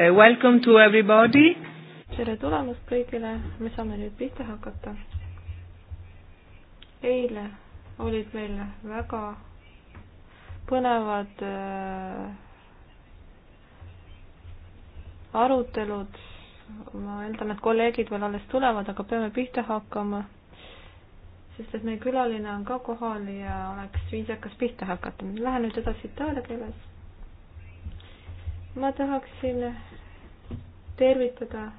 Uh, welcome to everybody. tere tulemast kõigile, me saame nüüd pihta hakata. eile olid meil väga põnevad uh, arutelud. ma eeldan, et kolleegid veel alles tulevad, aga peame pihta hakkama. sest et meie külaline on ka kohal ja oleks viisakas pihta hakata. Lähen nüüd edasi itaalia keeles ma tahaksin tervitada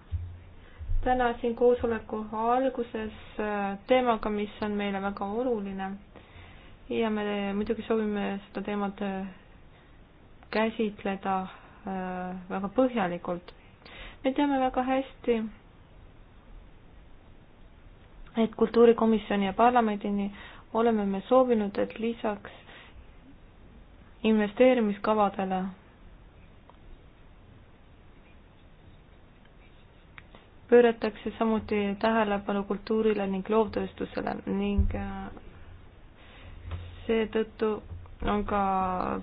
täna siin koosoleku alguses äh, teemaga, mis on meile väga oluline. ja me muidugi soovime seda teemat äh, käsitleda äh, väga põhjalikult. me teame väga hästi, et kultuurikomisjoni ja parlamendini oleme me soovinud, et lisaks investeerimiskavadele pööratakse samuti tähelepanu kultuurile ning loovtööstusele ning äh, seetõttu on ka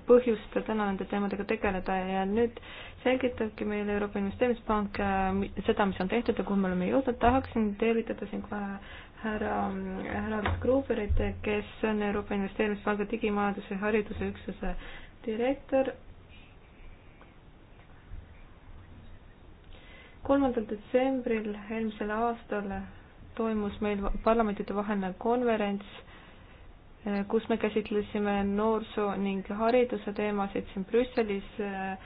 põhjust täna nende teemadega tegeleda ja nüüd selgitabki meile Euroopa Investeerimispank äh, seda, mis on tehtud ja kuhu me oleme jõudnud. tahaksin tervitada siin kohe härra Harald Gruberit, kes on Euroopa Investeerimispanga digimajanduse hariduse üksuse direktor kolmandal detsembril eelmisel aastal toimus meil parlamentidevaheline konverents, eh, kus me käsitlesime noorsoo- ning hariduse teemasid siin Brüsselis, eh,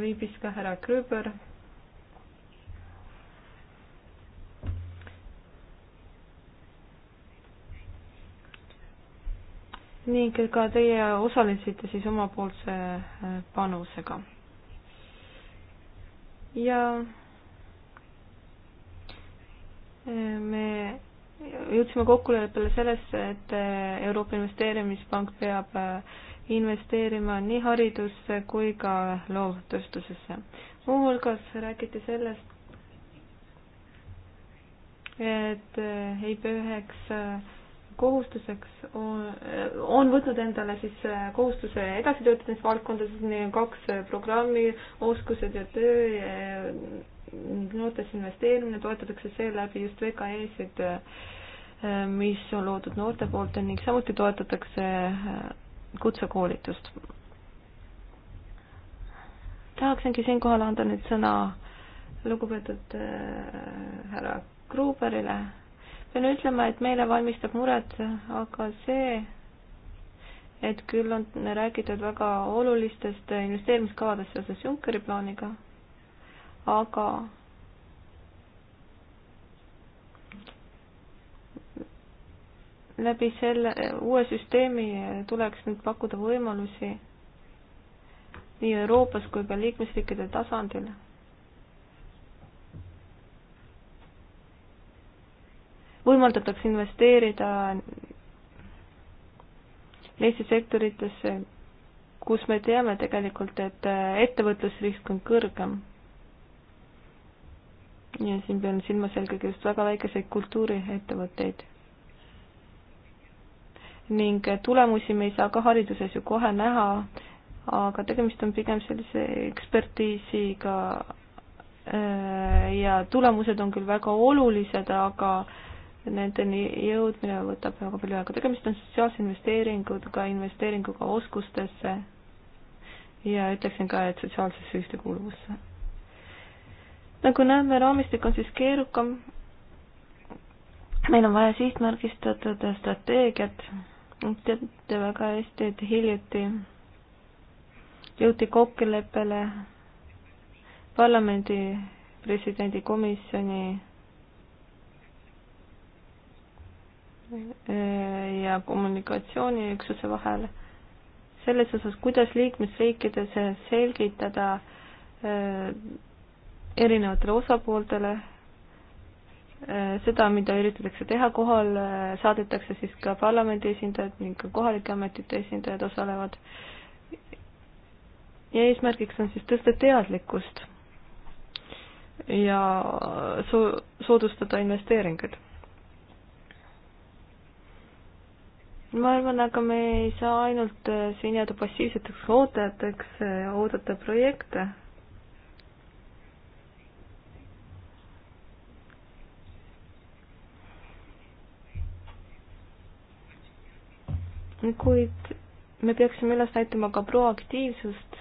viibis ka härra Krüber. ning ka teie osalesite siis omapoolse eh, panusega. ja me jõudsime kokkuleppele sellesse, et Euroopa Investeerimispank peab investeerima nii haridusse kui ka loovtööstusesse. muuhulgas räägiti sellest, et EIB üheks kohustuseks on, on võtnud endale siis äh, kohustuse edasi töötada nendes valdkondades, neil on kaks äh, programmi, oskused ja töö, äh, noortesse investeerimine, toetatakse seeläbi just VKE-sid, mis on loodud noorte poolt ning samuti toetatakse kutsekoolitust. tahaksingi siinkohal anda nüüd sõna lugupeetud härra Gruberile pean ütlema, et meile valmistab muret aga see, et küll on räägitud väga olulistest investeerimiskavadest seoses Junckeri plaaniga, aga läbi selle uue süsteemi tuleks nüüd pakkuda võimalusi nii Euroopas kui ka liikmesriikide tasandil võimaldatakse investeerida neisse sektoritesse, kus me teame tegelikult, et ettevõtlusrisk on kõrgem. ja siin pean silmas eelkõige just väga väikeseid kultuuriettevõtteid. ning tulemusi me ei saa ka hariduses ju kohe näha, aga tegemist on pigem sellise ekspertiisiga ja tulemused on küll väga olulised, aga nendeni jõudmine võtab väga palju aega. tegemist on sotsiaalse investeeringuga, investeeringuga oskustesse ja ütleksin ka, et sotsiaalsesse ühtekuuluvusse. nagu näeme, raamistik on siis keerukam. meil on vaja sihtmärgistatud strateegiat. teate väga hästi, et hiljuti jõuti kokkuleppele parlamendi presidendi komisjoni ja kommunikatsiooniüksuse vahel selles osas, kuidas liikmesriikides selgitada äh, erinevatele osapooltele äh, seda, mida üritatakse teha, kohal äh, saadetakse siis ka parlamendi esindajad ning ka kohalike ametite esindajad osalevad. ja eesmärgiks on siis tõsta teadlikkust ja so-, soodustada investeeringuid ma arvan, aga me ei saa ainult äh, siin jääda passiivseteks ootajateks, äh, oodata projekte. kuid me peaksime üles näitama ka proaktiivsust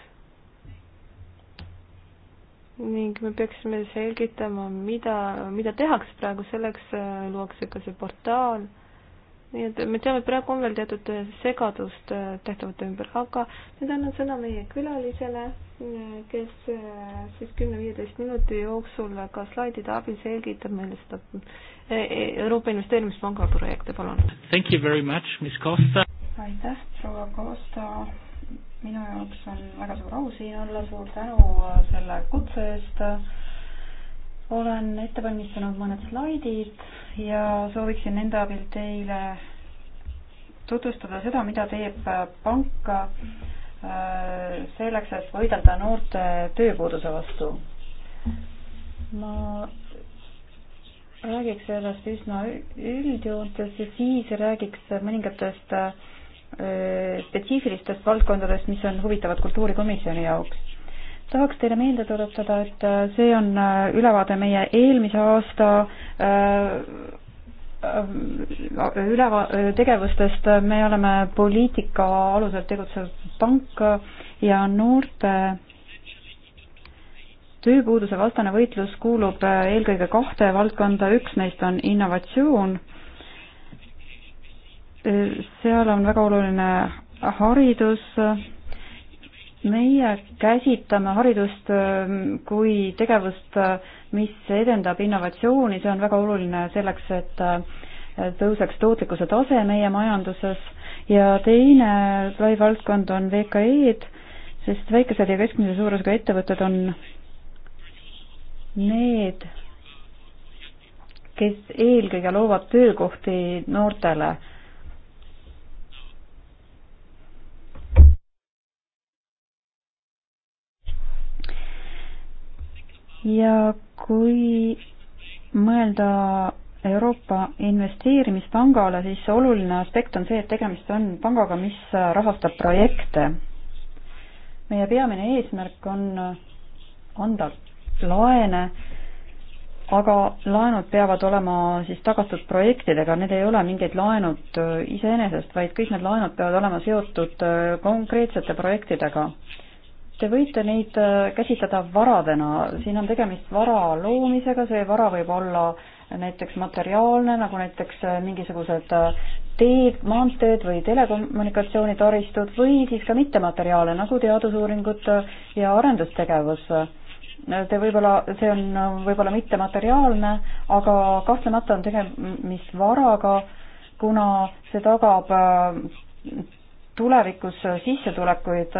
ning me peaksime selgitama, mida, mida tehakse praegu, selleks äh, luuakse ka see portaal nii et me teame, et praegu on veel teatud äh, segadust äh, tehtavate ümber, aga nüüd annan sõna meie külalisele, äh, kes siis kümne-viieteist minuti jooksul ka slaidide abil selgitab meile seda e, Euroopa Investeerimispanga projekte, palun. Thank you very much, Miss Costa. aitäh, proua Costa. minu jaoks on väga suur au siin olla, suur tänu selle kutse eest olen ette valmistanud mõned slaidid ja sooviksin nende abil teile tutvustada seda, mida teeb pank äh, selleks, et võidelda noorte tööpuuduse vastu. ma räägiks sellest üsna üldjoontes ja siis räägiks mõningatest äh, spetsiifilistest valdkondadest, mis on huvitavad kultuurikomisjoni jaoks tahaks teile meelde tuletada, et äh, see on äh, ülevaade meie eelmise aasta äh, üleva-, tegevustest, me oleme poliitika alusel tegutsev pank ja noorte tööpuuduse vastane võitlus kuulub eelkõige kahte valdkonda, üks neist on innovatsioon, seal on väga oluline haridus, meie käsitame haridust äh, kui tegevust, äh, mis edendab innovatsiooni, see on väga oluline selleks, et äh, tõuseks tootlikkuse tase meie majanduses ja teine lai valdkond on VKE-d, sest väikesed ja keskmise suurusega ettevõtted on need, kes eelkõige loovad töökohti noortele ja kui mõelda Euroopa Investeerimispangale, siis oluline aspekt on see, et tegemist on pangaga, mis rahastab projekte. meie peamine eesmärk on anda laene, aga laenud peavad olema siis tagatud projektidega, need ei ole mingid laenud iseenesest, vaid kõik need laenud peavad olema seotud konkreetsete projektidega Te võite neid äh, käsitleda varadena, siin on tegemist vara loomisega, see vara võib olla näiteks materiaalne, nagu näiteks äh, mingisugused äh, teed, maanteed või telekommunikatsioonitaristud või siis ka mittemateriaale nagu teadusuuringud ja arendustegevus. Te võib-olla, see on võib-olla mittemateriaalne, aga kahtlemata on tegemist varaga, kuna see tagab tulevikus sissetulekuid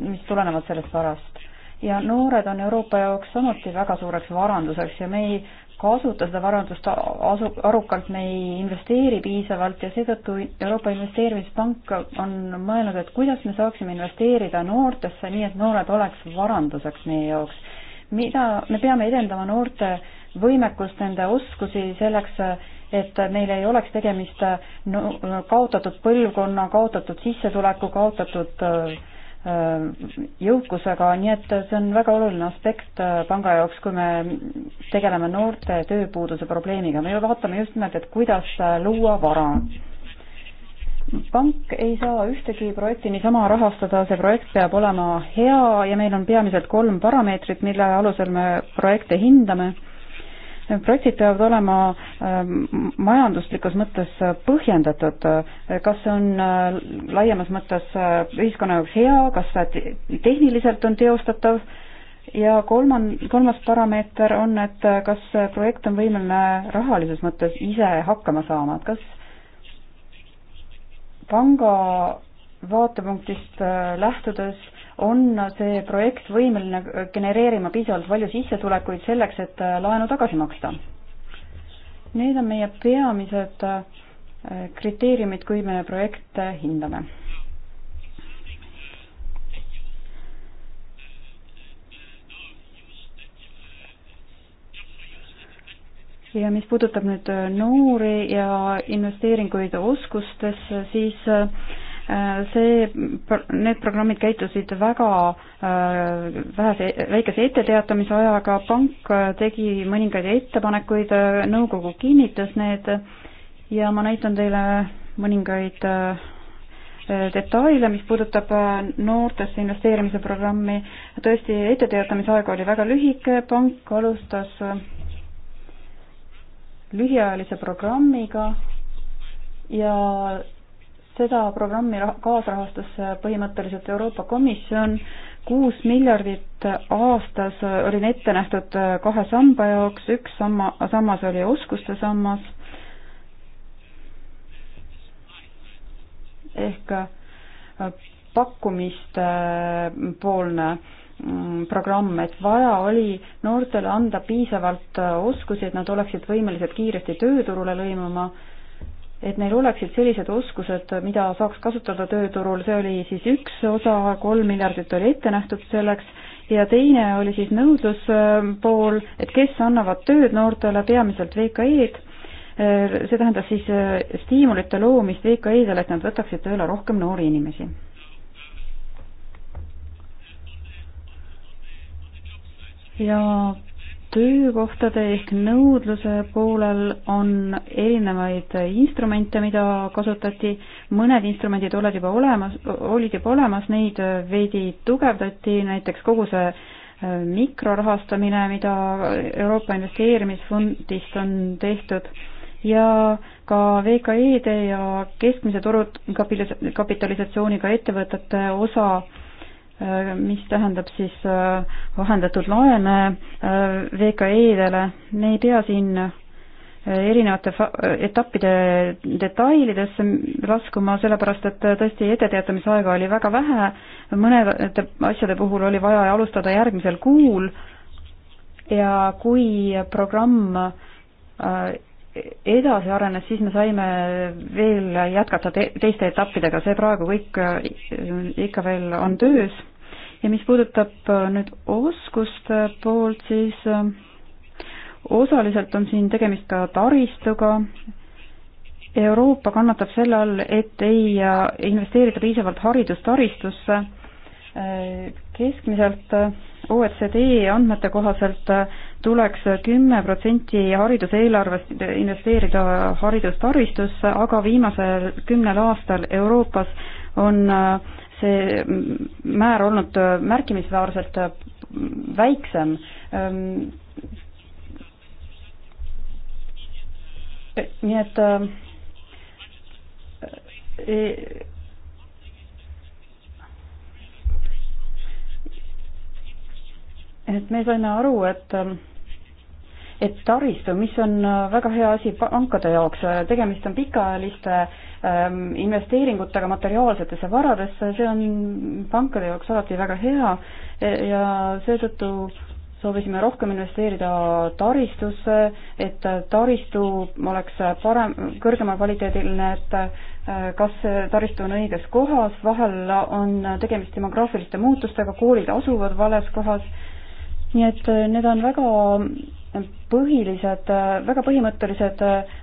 mis tulenevad sellest varast. ja noored on Euroopa jaoks samuti väga suureks varanduseks ja me ei kasuta seda varandust asu-, arukalt, me ei investeeri piisavalt ja seetõttu Euroopa Investeerimispank on mõelnud, et kuidas me saaksime investeerida noortesse, nii et noored oleks varanduseks meie jaoks. mida, me peame edendama noorte võimekust, nende oskusi selleks, et meil ei oleks tegemist no, kaotatud põlvkonna, kaotatud sissetuleku, kaotatud äh, jõukusega, nii et see on väga oluline aspekt äh, panga jaoks, kui me tegeleme noorte tööpuuduse probleemiga. me vaatame just nimelt, et kuidas äh, luua vara. pank ei saa ühtegi projekti niisama rahastada, see projekt peab olema hea ja meil on peamiselt kolm parameetrit, mille alusel me projekte hindame projektid peavad olema ähm, majanduslikus mõttes põhjendatud, kas see on äh, laiemas mõttes äh, ühiskonna jaoks hea, kas see tehniliselt on teostatav ja kolman-, kolmas parameeter on, et äh, kas projekt on võimeline rahalises mõttes ise hakkama saama, et kas panga vaatepunktist lähtudes on see projekt võimeline genereerima piisavalt palju sissetulekuid selleks, et äh, laenu tagasi maksta. Need on meie peamised äh, kriteeriumid, kui me projekte hindame ja mis puudutab nüüd äh, noori ja investeeringuid oskustesse, siis see, need programmid käitusid väga äh, vähese, väikese etteteatamise ajaga, pank äh, tegi mõningaid ettepanekuid, äh, nõukogu kinnitas need ja ma näitan teile mõningaid detaile, mis puudutab noortesse investeerimise programmi. tõesti, etteteatamise aeg oli väga lühike, pank alustas lühiajalise programmiga ja seda programmi kaasrahastas äh, põhimõtteliselt Euroopa Komisjon, kuus miljardit aastas oli ette nähtud äh, kahe samba jaoks, üks samma, sammas oli oskuste sammas ehk äh, pakkumiste poolne mm, programm, et vaja oli noortele anda piisavalt oskusi, et nad oleksid võimelised kiiresti tööturule lõimuma et neil oleksid sellised oskused, mida saaks kasutada tööturul, see oli siis üks osa, kolm miljardit oli ette nähtud selleks, ja teine oli siis nõudluspool, et kes annavad tööd noortele, peamiselt VKE-d, see tähendas siis eh, stiimulite loomist VKE-dele, et nad võtaksid tööle rohkem noori inimesi. ja töökohtade ehk nõudluse poolel on erinevaid instrumente, mida kasutati, mõned instrumendid olid juba olemas, olid juba olemas, neid veidi tugevdati, näiteks kogu see äh, mikrorahastamine, mida Euroopa Investeerimisfondist on tehtud ja ka VKE-de ja keskmise turu kapitalisatsiooniga ettevõtete osa Äh, mis tähendab siis äh, vahendatud laene äh, VKE-dele. me ei pea siin erinevate etappide detailidesse laskuma, sellepärast et tõesti etteteatamisaega oli väga vähe, mõnede asjade puhul oli vaja alustada järgmisel kuul ja kui programm edasi arenes, siis me saime veel jätkata te teiste etappidega, see praegu kõik ikka veel on töös ja mis puudutab äh, nüüd oskuste poolt, siis äh, osaliselt on siin tegemist ka taristuga. Euroopa kannatab selle all, et ei äh, investeerita piisavalt haridustaristusse. keskmiselt OECD andmete kohaselt tuleks kümme protsenti hariduseelarvest investeerida haridustaristusse, aga viimasel kümnel aastal Euroopas on äh, see määr olnud märkimisväärselt väiksem. nii et e, et me saime aru, et et taristu, mis on väga hea asi pankade jaoks, tegemist on pikaajaliste äh, Ähm, investeeringutega materiaalsetesse varadesse, see on pankade jaoks alati väga hea e, ja seetõttu soovisime rohkem investeerida taristusse, et taristu oleks parem, kõrgema kvaliteediline, et e, kas taristu on õiges kohas, vahel on tegemist demograafiliste muutustega, koolid asuvad vales kohas, nii et e, need on väga põhilised, väga põhimõttelised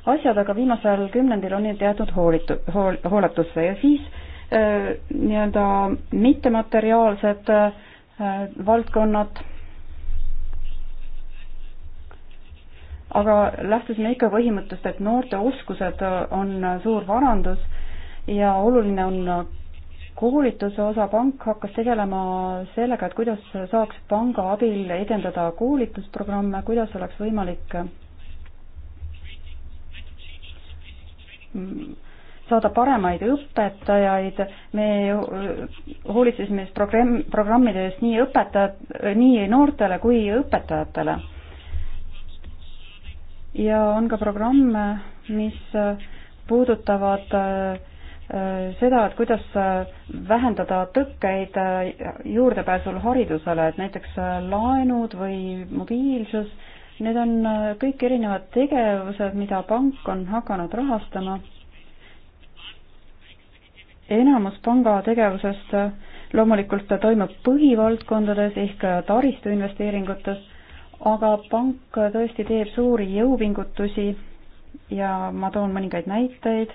asjad, aga viimasel kümnendil on need jäetud hoolitu-, hool-, hooletusse ja siis äh, nii-öelda mittemateriaalsed äh, valdkonnad, aga lähtusime ikka põhimõttest, et noorte oskused on suur varandus ja oluline on koolituse osa, pank hakkas tegelema sellega, et kuidas saaks panga abil edendada koolitusprogramme, kuidas oleks võimalik mm, saada paremaid õpetajaid, me hoolitsesime siis programm, programmide eest nii õpetajad, nii noortele kui õpetajatele. ja on ka programme, mis puudutavad äh, Äh, seda, et kuidas äh, vähendada tõkkeid äh, juurdepääsul haridusele, et näiteks laenud või mobiilsus, need on kõik erinevad tegevused, mida pank on hakanud rahastama. enamus panga tegevusest loomulikult toimub põhivaldkondades ehk taristuinvesteeringutes, aga pank tõesti teeb suuri jõupingutusi ja ma toon mõningaid näiteid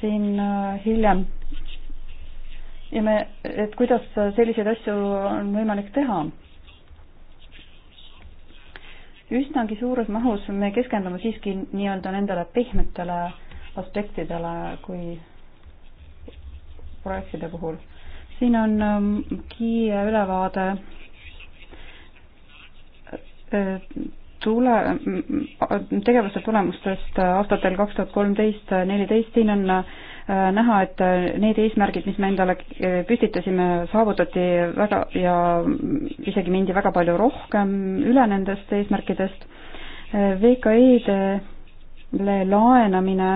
siin äh, hiljem. ja me, et kuidas selliseid asju on võimalik teha. üsnagi suures mahus me keskendume siiski nii-öelda nendele pehmetele aspektidele kui projektide puhul. siin on ähm, kiire ülevaade äh, tule, tegevuste tulemustest aastatel kaks tuhat kolmteist, neliteist, siin on äh, näha, et need eesmärgid, mis me endale püstitasime, saavutati väga ja isegi mindi väga palju rohkem üle nendest eesmärkidest. VKE-dele laenamine,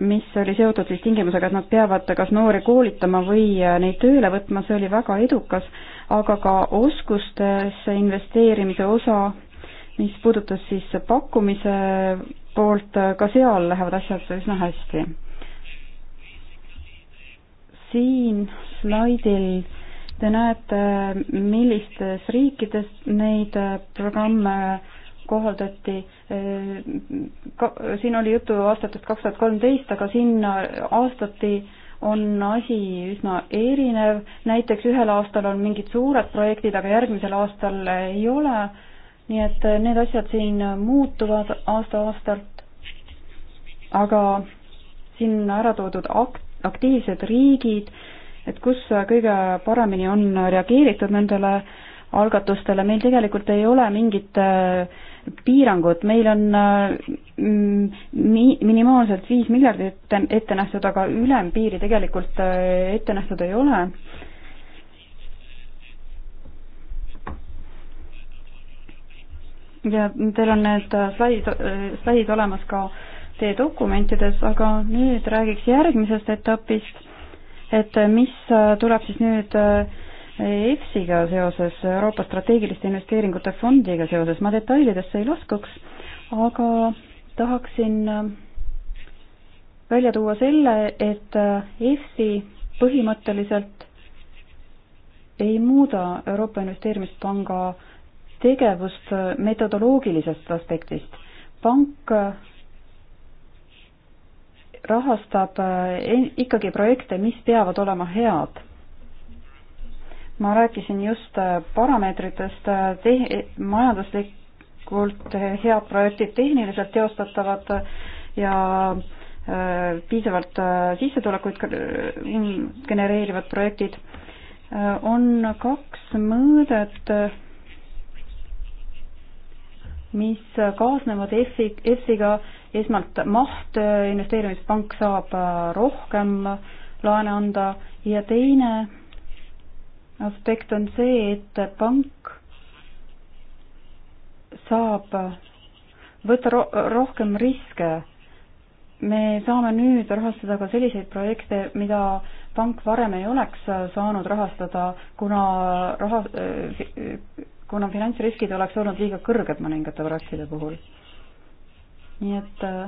mis oli seotud siis tingimusega, et nad peavad kas noori koolitama või äh, neid tööle võtma, see oli väga edukas, aga ka oskustesse investeerimise osa mis puudutas siis pakkumise poolt, ka seal lähevad asjad üsna hästi. siin slaidil te näete, millistes riikides neid programme kohaldati. Ka-, siin oli juttu aastatest kaks tuhat kolmteist, aga siin aastati on asi üsna erinev, näiteks ühel aastal on mingid suured projektid, aga järgmisel aastal ei ole äh, nii et eh, need asjad siin muutuvad aasta-aastalt, aga siin ära toodud akt-, aktiivsed riigid, et kus kõige paremini on reageeritud nendele algatustele, meil tegelikult ei ole mingit eh, piirangut, meil on eh, mi-, minimaalselt viis miljardit ette nähtud, aga ülempiiri tegelikult ette nähtud ei ole ja teil on need slaid, äh, slaid äh, olemas ka teie dokumentides, aga nüüd räägiks järgmisest etapist, et äh, mis tuleb siis nüüd EFSiga seoses, Euroopa strateegiliste investeeringute fondiga seoses, ma detailidesse ei laskuks, aga tahaksin välja tuua selle, et EFSi põhimõtteliselt ei muuda Euroopa Investeerimispanga äh, tegevust metodoloogilisest aspektist. pank äh, rahastab äh, ikkagi projekte, mis peavad olema head. ma rääkisin just äh, parameetritest, majanduslikult head projektid, tehniliselt teostatavad ja piisavalt sissetulekuid genereerivad projektid. on kaks mõõdet mis kaasnevad EFI, EFSiga, esmalt maht, äh, investeerimispank saab äh, rohkem äh, laene anda ja teine aspekt on see, et pank saab võtta ro rohkem riske. me saame nüüd rahastada ka selliseid projekte, mida pank varem ei oleks saanud rahastada, kuna raha kuna finantsriskid oleks olnud liiga kõrged mõningate projektide puhul. nii et äh,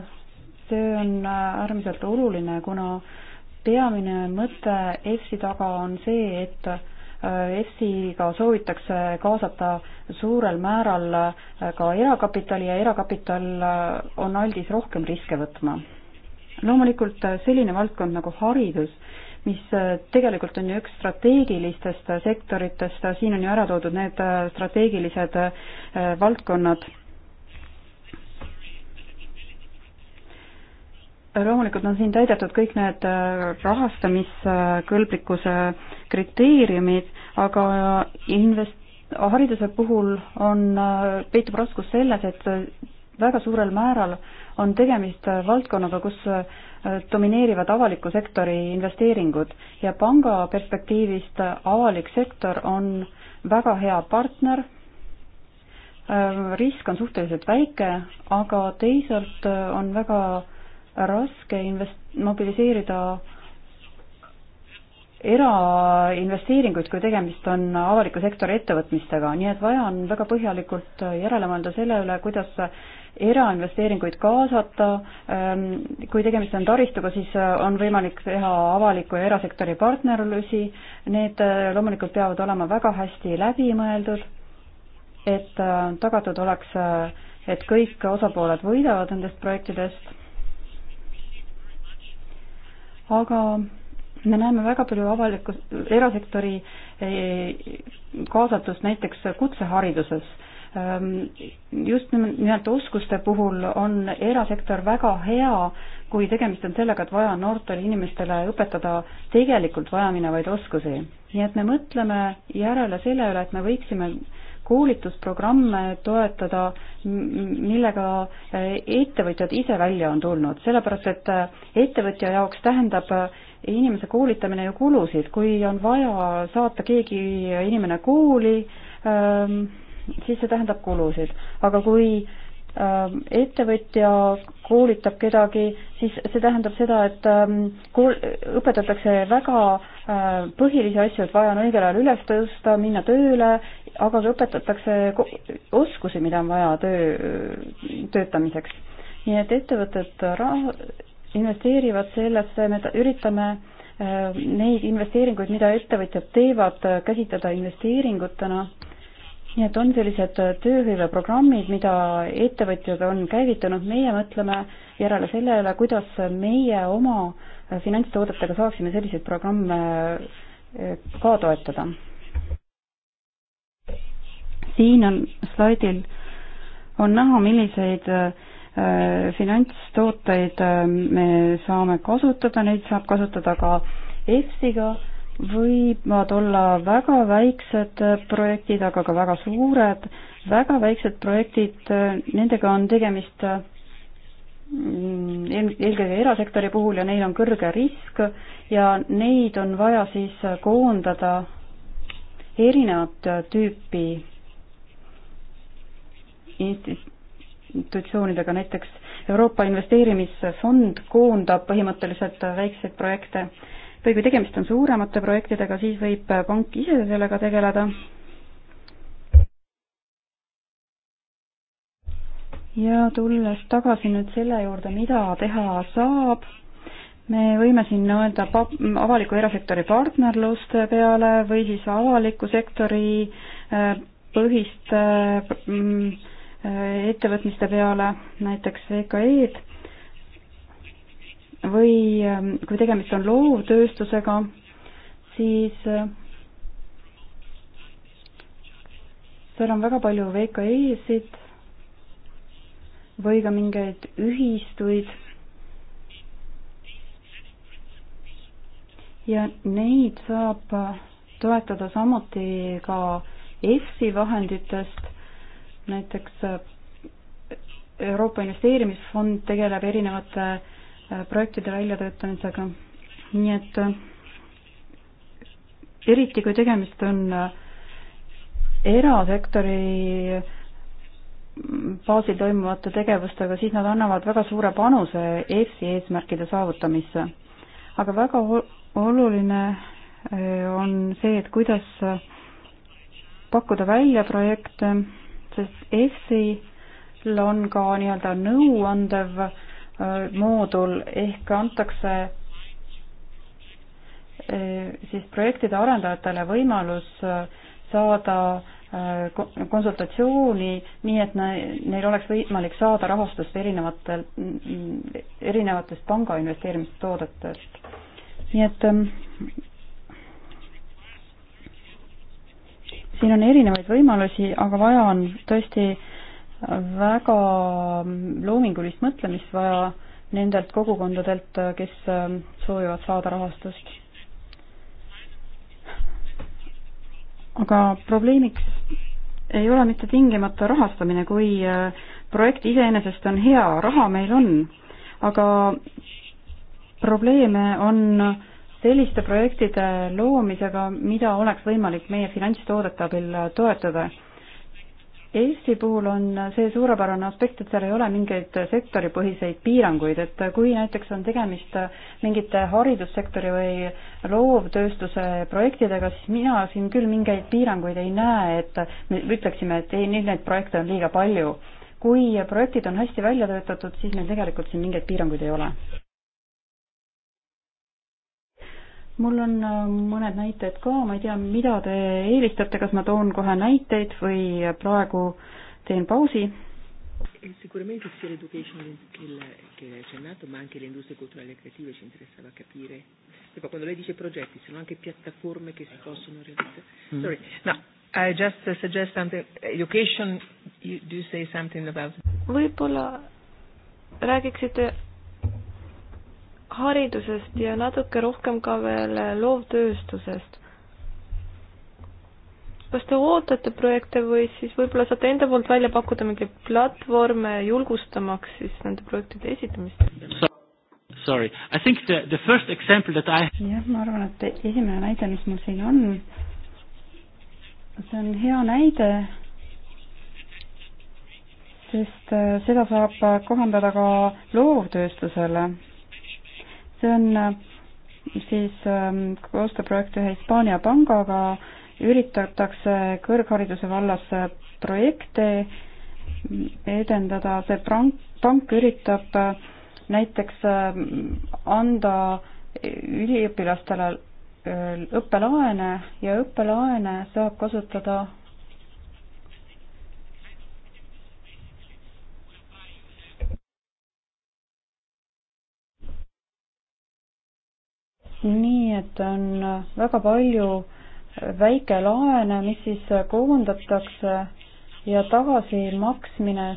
see on äh, äärmiselt oluline, kuna peamine mõte EFSi taga on see, et äh, EFSiga soovitakse kaasata suurel määral ka erakapitali ja erakapital on aldis rohkem riske võtma. loomulikult selline valdkond nagu haridus mis äh, tegelikult on ju üks strateegilistest äh, sektoritest, äh, siin on ju ära toodud need strateegilised valdkonnad. loomulikult on siin täidetud kõik need rahastamiskõlblikkuse kriteeriumid, aga invest-, hariduse puhul on, peitub raskus selles, et väga suurel määral on tegemist valdkonnaga, kus domineerivad avaliku sektori investeeringud ja panga perspektiivist avalik sektor on väga hea partner, risk on suhteliselt väike, aga teisalt on väga raske invest-, mobiliseerida erainvesteeringuid, kui tegemist on avaliku sektori ettevõtmistega, nii et vaja on väga põhjalikult järele mõelda selle üle, kuidas erainvesteeringuid kaasata, ähm, kui tegemist on taristuga, siis äh, on võimalik teha avaliku ja erasektori partnerlusi, need äh, loomulikult peavad olema väga hästi läbimõeldud, et äh, tagatud oleks, et kõik osapooled võidavad nendest projektidest, aga me näeme väga palju avalikus, erasektori kaasatust näiteks kutsehariduses Ehm, just nimelt oskuste puhul on erasektor väga hea, kui tegemist on sellega, et vaja on noortele inimestele õpetada tegelikult vajaminevaid oskusi. nii et me mõtleme järele selle üle, et me võiksime koolitusprogramme toetada, millega e, ettevõtjad ise välja on tulnud, sellepärast et e, ettevõtja jaoks tähendab e, inimese koolitamine ju kulusid, kui on vaja saata keegi inimene kooli ähm,, siis see tähendab kulusid. aga kui ähm, ettevõtja koolitab kedagi, siis see tähendab seda, et ähm, kool, õpetatakse väga äh, põhilisi asju, et vaja on õigel ajal üles tõusta, minna tööle, aga ka õpetatakse oskusi, mida on vaja töö, töötamiseks. nii et ettevõtted raha, investeerivad sellesse, me üritame äh, neid investeeringuid, mida ettevõtjad teevad, käsitleda investeeringutena nii et on sellised tööhõiveprogrammid, mida ettevõtjad on käivitanud, meie mõtleme järele selle üle, kuidas meie oma finantstoodetega saaksime selliseid programme eh, ka toetada. siin on slaidil, on näha, milliseid eh, finantstooteid eh, me saame kasutada, neid saab kasutada ka EFSiga võivad olla väga väiksed projektid, aga ka väga suured. väga väiksed projektid, nendega on tegemist mm, eelkõige erasektori puhul ja neil on kõrge risk ja neid on vaja siis koondada erinevat tüüpi institutsioonidega, näiteks Euroopa Investeerimisfond koondab põhimõtteliselt väikseid projekte või kui tegemist on suuremate projektidega, siis võib pank ise sellega tegeleda. ja tulles tagasi nüüd selle juurde, mida teha saab, me võime siin öelda avaliku erasektori partnerluste peale või siis avaliku sektori äh, põhiste mm, äh, ettevõtmiste peale, näiteks VKE-d või ähm, kui tegemist on loovtööstusega, siis äh, seal on väga palju VKE-sid või ka mingeid ühistuid. ja neid saab toetada samuti ka EFSI vahenditest, näiteks äh, Euroopa Investeerimisfond tegeleb erinevate äh, Äh, projektide väljatöötamisega. nii et äh, eriti kui tegemist on äh, erasektori mm, baasil toimuvate tegevustega, siis nad annavad väga suure panuse EFSI eesmärkide saavutamisse. aga väga oluline on see, et kuidas pakkuda välja projekte, sest EFSI-l on ka nii-öelda nõuandev äh, moodul ehk antakse eh, siis projektide arendajatele võimalus eh, saada eh, konsultatsiooni, nii et neil oleks võimalik saada rahastust erinevatel, erinevatest panga investeerimistoodetest. nii et ehm, siin on erinevaid võimalusi, aga vaja on tõesti äh, väga loomingulist mõtlemist vaja nendelt kogukondadelt, kes ähm, soovivad saada rahastust. aga probleemiks ei ole mitte tingimata rahastamine, kui äh, projekt iseenesest on hea, raha meil on, aga probleeme on selliste projektide loomisega, mida oleks võimalik meie finantstoodete abil toetada Eesti puhul on see suurepärane aspekt, et seal ei ole mingeid sektoripõhiseid piiranguid, et kui näiteks on tegemist mingite haridussektori või loovtööstuse projektidega, siis mina siin küll mingeid piiranguid ei näe, et me ütleksime, et ei, nüüd neid projekte on liiga palju. kui projektid on hästi välja töötatud, siis meil tegelikult siin mingeid piiranguid ei ole. mul on äh, mõned näited ka, ma ei tea, mida te eelistate, kas ma toon kohe näiteid või praegu teen pausi? Eh, sicuramente sia l'education che, il, che hai accennato, ma anche le industrie culturali e creative ci interessava capire. Perché quando lei dice progetti, sono anche piattaforme che si possono realizzare. Mm. Sorry, no, I just suggest something. Education, you do say something about. Võib-olla räägiksite haridusest ja natuke rohkem ka veel loovtööstusest. kas te ootate projekte või siis võib-olla saate enda poolt välja pakkuda mingeid platvorme, julgustamaks siis nende projektide esitamist? Sorry, I think the, the first example that I jah, ma arvan, et esimene näide, mis mul siin on, see on hea näide, sest äh, seda saab kohandada ka loovtööstusele see on äh, siis ähm, koostööprojekt ühe Hispaania pangaga, üritatakse kõrghariduse vallas äh, projekte edendada, see pank, pank üritab äh, näiteks anda üliõpilastele õppelaene ja õppelaene saab kasutada nii et on väga palju väikelaene, mis siis koondatakse ja tagasimaksmine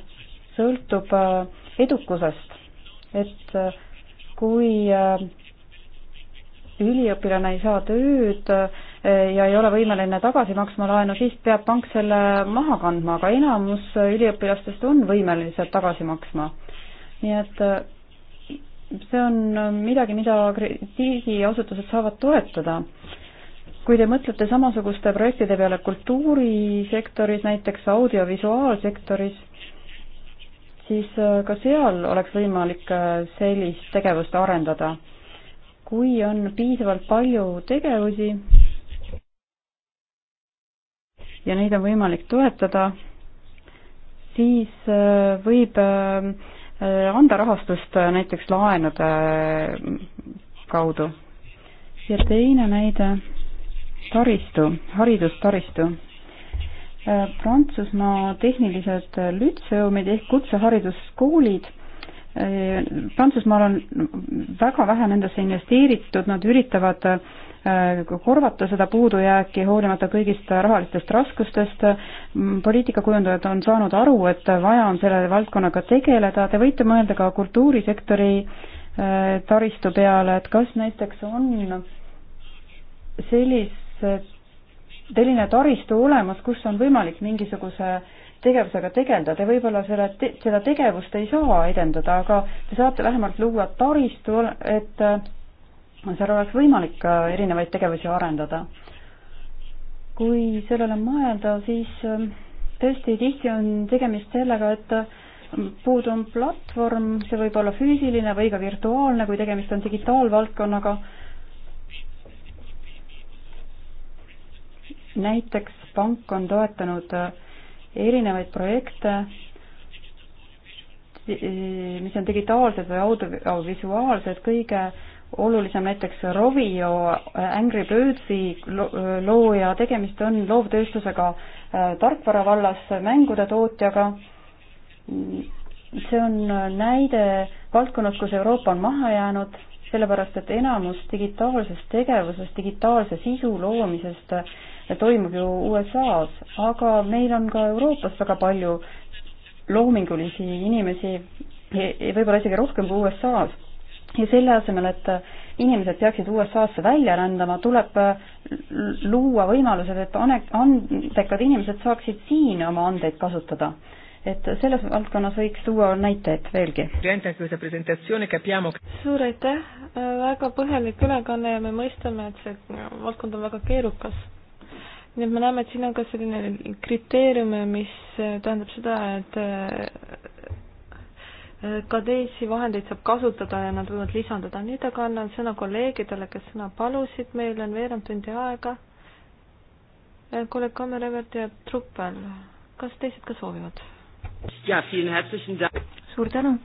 sõltub äh, edukusest. et äh, kui äh, üliõpilane ei saa tööd ja ei ole võimeline tagasi maksma laenu, siis peab pank selle maha kandma, aga enamus üliõpilastest on võimelised tagasi maksma. nii et see on ähm, midagi, mida krediidiasutused saavad toetada. kui te mõtlete samasuguste projektide peale kultuurisektoris, näiteks audiovisuaalsektoris, siis äh, ka seal oleks võimalik äh, sellist tegevust arendada. kui on piisavalt palju tegevusi ja neid on võimalik toetada, siis äh, võib äh, Äh, anda rahastust äh, näiteks laenude äh, kaudu. ja teine näide, taristu, haridustaristu. Prantsusmaa tehnilised lütseumid ehk kutsehariduskoolid Prantsusmaal on väga vähe nendesse investeeritud, nad üritavad Äh, korvata seda puudujääki hoolimata kõigist rahalistest raskustest. Mm, poliitikakujundajad on saanud aru, et vaja on selle valdkonnaga tegeleda, te võite mõelda ka kultuurisektori äh, taristu peale, et kas näiteks on sellised, selline taristu olemas, kus on võimalik mingisuguse tegevusega tegeleda, te võib-olla selle te,, seda tegevust ei saa edendada, aga te saate vähemalt luua taristu, et äh, seal oleks võimalik erinevaid tegevusi arendada. kui sellele mõelda, siis ähm, tõesti tihti on tegemist sellega, et ähm, puudu on platvorm, see võib olla füüsiline või ka virtuaalne, kui tegemist on digitaalvaldkonnaga. näiteks pank on toetanud äh, erinevaid projekte, mis on digitaalsed või audiovisuaalsed, kõige olulisem näiteks Rovio Angry Birdsi looja, tegemist on loovtööstusega äh, tarkvara vallas mängude tootjaga. see on näide valdkonnast, kus Euroopa on maha jäänud, sellepärast et enamus digitaalsest tegevusest, digitaalse sisu loomisest äh, toimub ju USA-s, aga meil on ka Euroopas väga palju loomingulisi inimesi, e-, võib-olla isegi rohkem kui USA-s ja selle asemel, et inimesed peaksid USA-sse välja rändama, tuleb luua võimalused, et andekad inimesed saaksid siin oma andeid kasutada. et selles valdkonnas võiks tuua näiteid veelgi. suur aitäh, väga põhjalik ülekanne ja me mõistame, et see valdkond on väga keerukas nii et me näeme, et siin on ka selline kriteerium, mis tähendab seda, et Kadeesi vahendeid saab kasutada ja nad võivad lisanduda. nüüd aga annan sõna kolleegidele, kes sõna palusid, meil on veerand tundi aega. Eh, kolleeg Kammerevert ja Truppel, kas teised ka soovivad? suur tänu!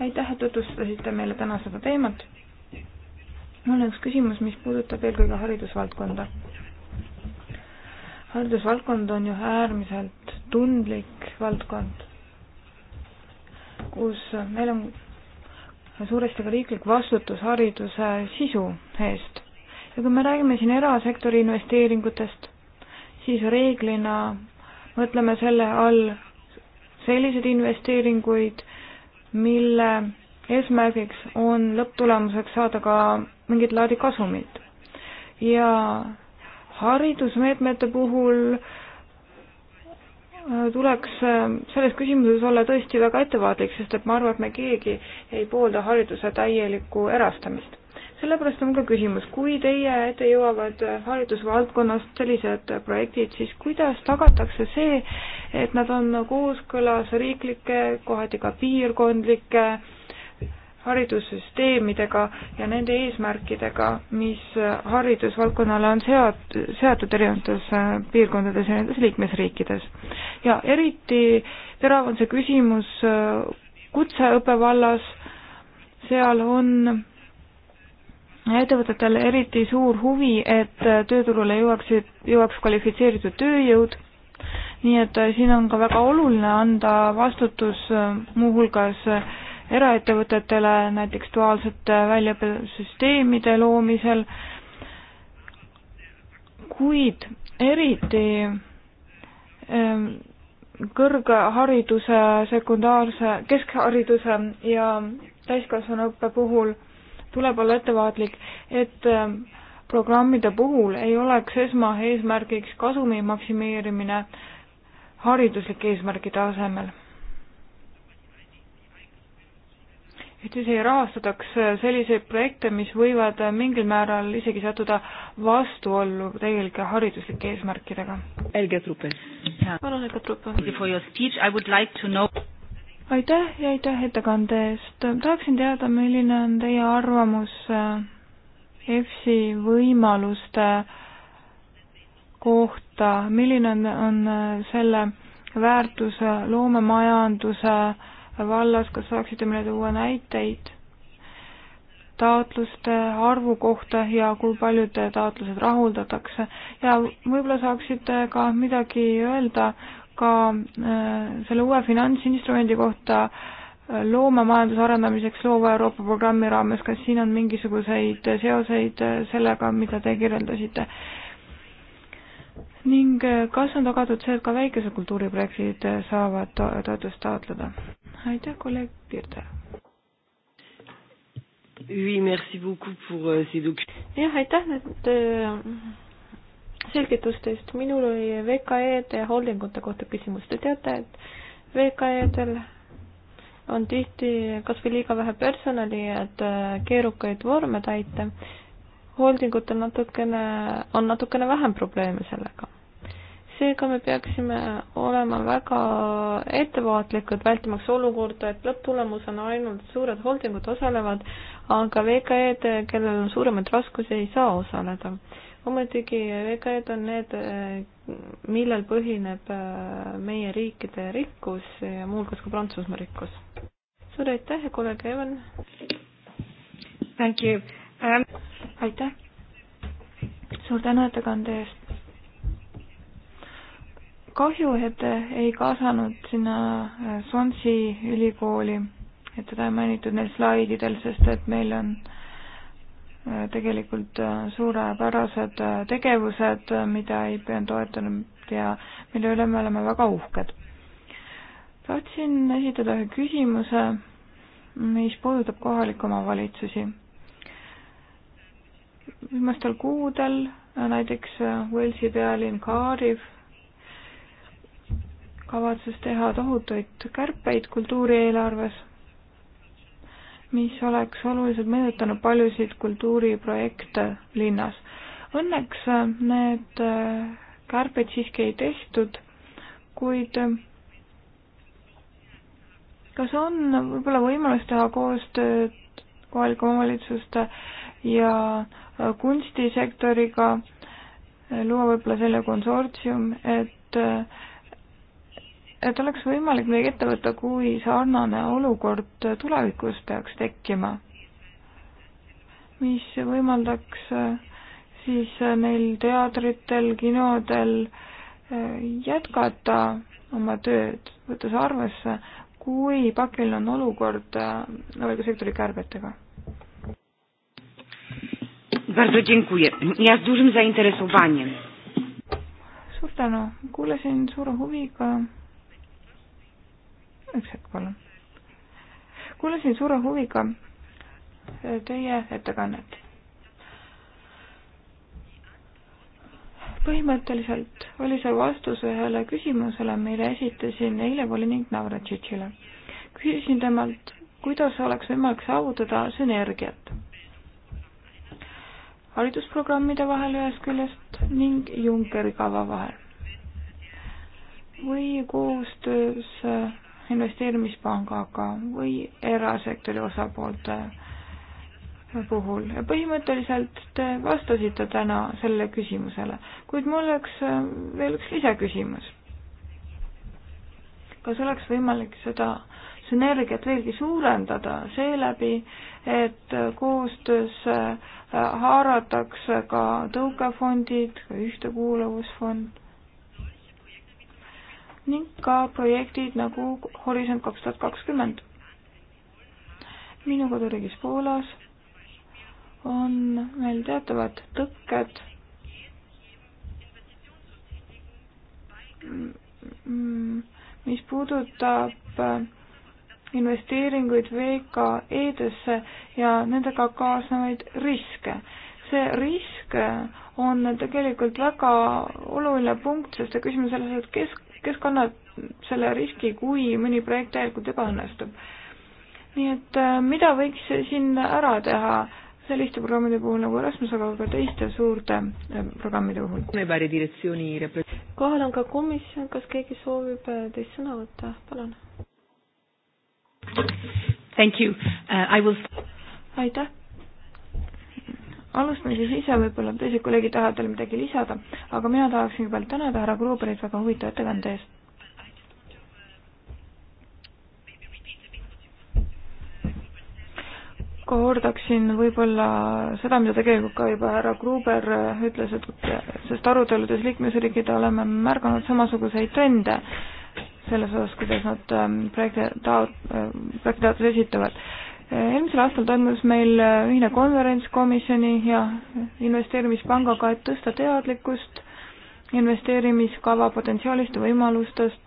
aitäh, et tutvustasite meile täna seda teemat. mul on üks küsimus, mis puudutab eelkõige haridusvaldkonda. haridusvaldkond on ju äärmiselt tundlik valdkond, kus meil on suuresti ka riiklik vastutus hariduse sisu eest. ja kui me räägime siin erasektori investeeringutest, siis reeglina mõtleme selle all selliseid investeeringuid, mille eesmärgiks on lõpptulemuseks saada ka mingit laadi kasumit. ja haridusmeetmete puhul äh, tuleks äh, selles küsimuses olla tõesti väga ettevaatlik, sest et ma arvan, et me keegi ei poolda hariduse täielikku erastamist. sellepärast on ka küsimus, kui teie ette jõuavad haridusvaldkonnast sellised projektid, siis kuidas tagatakse see, et nad on kooskõlas riiklike, kohati ka piirkondlike haridussüsteemidega ja nende eesmärkidega, mis haridusvaldkonnale on seat-, seatud erinevates äh, piirkondades ja nendes liikmesriikides. ja eriti terav on see küsimus äh, kutseõppe vallas, seal on ettevõtetel eriti suur huvi, et äh, tööturule jõuaksid, jõuaks kvalifitseeritud tööjõud nii et siin on ka väga oluline anda vastutus muuhulgas eraettevõtetele, näiteks duaalsete väljaõppesüsteemide loomisel, kuid eriti ähm, kõrghariduse, sekundaarse, keskhariduse ja täiskasvanuõppe puhul tuleb olla ettevaatlik, et ähm, programmide puhul ei oleks esmaeesmärgiks kasumi maksimeerimine hariduslike eesmärgide asemel et siis ei rahastataks selliseid projekte, mis võivad mingil määral isegi sattuda vastuollu tegelike hariduslike eesmärkidega. Helge Truppel. palun, Helge Truppel. aitäh ja aitäh ettekande eest. tahaksin teada, milline on teie arvamus äh, EFSi võimaluste kohta, milline on, on äh, selle väärtuse loomemajanduse äh, vallas, kas saaksite meile tuua näiteid taotluste arvu kohta ja kui paljud taotlused rahuldatakse ja võib-olla saaksite ka midagi öelda ka äh, selle uue finantsinstrumendi kohta äh, loomamajanduse arendamiseks loova Euroopa programmi raames, kas siin on mingisuguseid seoseid äh, sellega, mida te kirjeldasite? ning äh, kas on tagatud see, et ka väikesed kultuuriprojektid äh, saavad toetust taotleda? aitäh, kolleeg Pirde. Euh, jah, aitäh nende äh, selgituste eest. minul oli VKE-de ja holdingute kohta küsimus. Te teate, et VKE-del on tihti kas või liiga vähe personali, et keerukaid vorme täita holdingutel natukene, on natukene vähem probleeme sellega. seega me peaksime olema väga ettevaatlikud, vältimaks olukorda, et lõpptulemusena ainult suured holdingud osalevad, aga VKE-d, kellel on suuremaid raskusi, ei saa osaleda. ometigi VKE-d on need, millel põhineb äh, meie riikide rikkus ja muuhulgas ka Prantsusmaa rikkus. suur aitäh ja kolleeg Evan! Thank you. Ähm, aitäh. suur tänu ettekande eest. kahju, et ei kaasanud sinna äh, Sonsi ülikooli, et teda ei mainitud neil slaididel, sest et meil on äh, tegelikult äh, suurepärased tegevused, mida IP on toetanud ja mille üle me oleme väga uhked. tahtsin esitada ühe küsimuse, mis puudutab kohalikke omavalitsusi viimastel kuudel äh, näiteks äh, Walesi pealinn Cardiff kavatses teha tohutuid kärpeid kultuurieelarves, mis oleks oluliselt mõjutanud paljusid kultuuriprojekte linnas. Õnneks äh, need kärpeid siiski ei tehtud, kuid kas on võib-olla võimalus teha koostööd kohalike omavalitsuste ja kunstisektoriga, luua võib-olla selle konsortsium, et et oleks võimalik midagi ette võtta, kui sarnane olukord tulevikus peaks tekkima, mis võimaldaks siis neil teatritel, kinodel jätkata oma tööd, võttes arvesse, kui pakiline on olukord avaliku sektori kärbetega Bardzo dziękuję. Ja z dużym zainteresowaniem. Suur tänu. Kuulasin suure huviga. Üks hetk, palun. Kuulasin suure huviga e, teie ettekannet. põhimõtteliselt oli seal vastus ühele küsimusele, mille esitasin eile volinik Navratšitšile. küsisin temalt, kuidas oleks võimalik saavutada sünergiat haridusprogrammide vahel ühest küljest ning Junckeri kava vahel või koostöös äh, investeerimispangaga või erasektori osapoolte äh, puhul. põhimõtteliselt te vastasite täna sellele küsimusele, kuid mul oleks äh, veel üks lisaküsimus. kas oleks võimalik seda sünergiat veelgi suurendada seeläbi, et koostöös äh, haaratakse ka tõukefondid, ühtekuuluvusfond ning ka projektid nagu Horisont kaks tuhat kakskümmend. minu koduriigis Poolas on meil teatavad tõkked, mis puudutab äh, investeeringuid VKE-desse ja nendega kaasnevaid riske. see risk on tegelikult väga oluline punkt, sest küsimus on selles, et kes, kes kannab selle riski, kui mõni projekt täielikult ebaõnnestub. nii et äh, mida võiks siin ära teha selliste programmide puhul nagu Erasmus, aga ka teiste suurte äh, programmide puhul? kohal on ka komisjon, kas keegi soovib äh, teist sõna võtta, palun? Thank you uh,, I will. aitäh. alustame siis ise, võib-olla teised kolleegid tahavad veel midagi lisada, aga mina tahaksin kõigepealt tänada härra Gruberit väga huvitava ettekande eest. kordaksin võib-olla seda, mida tegelikult ka juba härra Gruber ütles, et sest aruteludes liikmesriigid oleme märganud samasuguseid trende selles osas, kuidas nad ähm, projekte taot-, äh, projektitaotluse esitavad. Äh, eelmisel aastal toimus meil äh, ühine konverents komisjoni ja investeerimispangaga, et tõsta teadlikkust investeerimiskava potentsiaalist ja võimalustest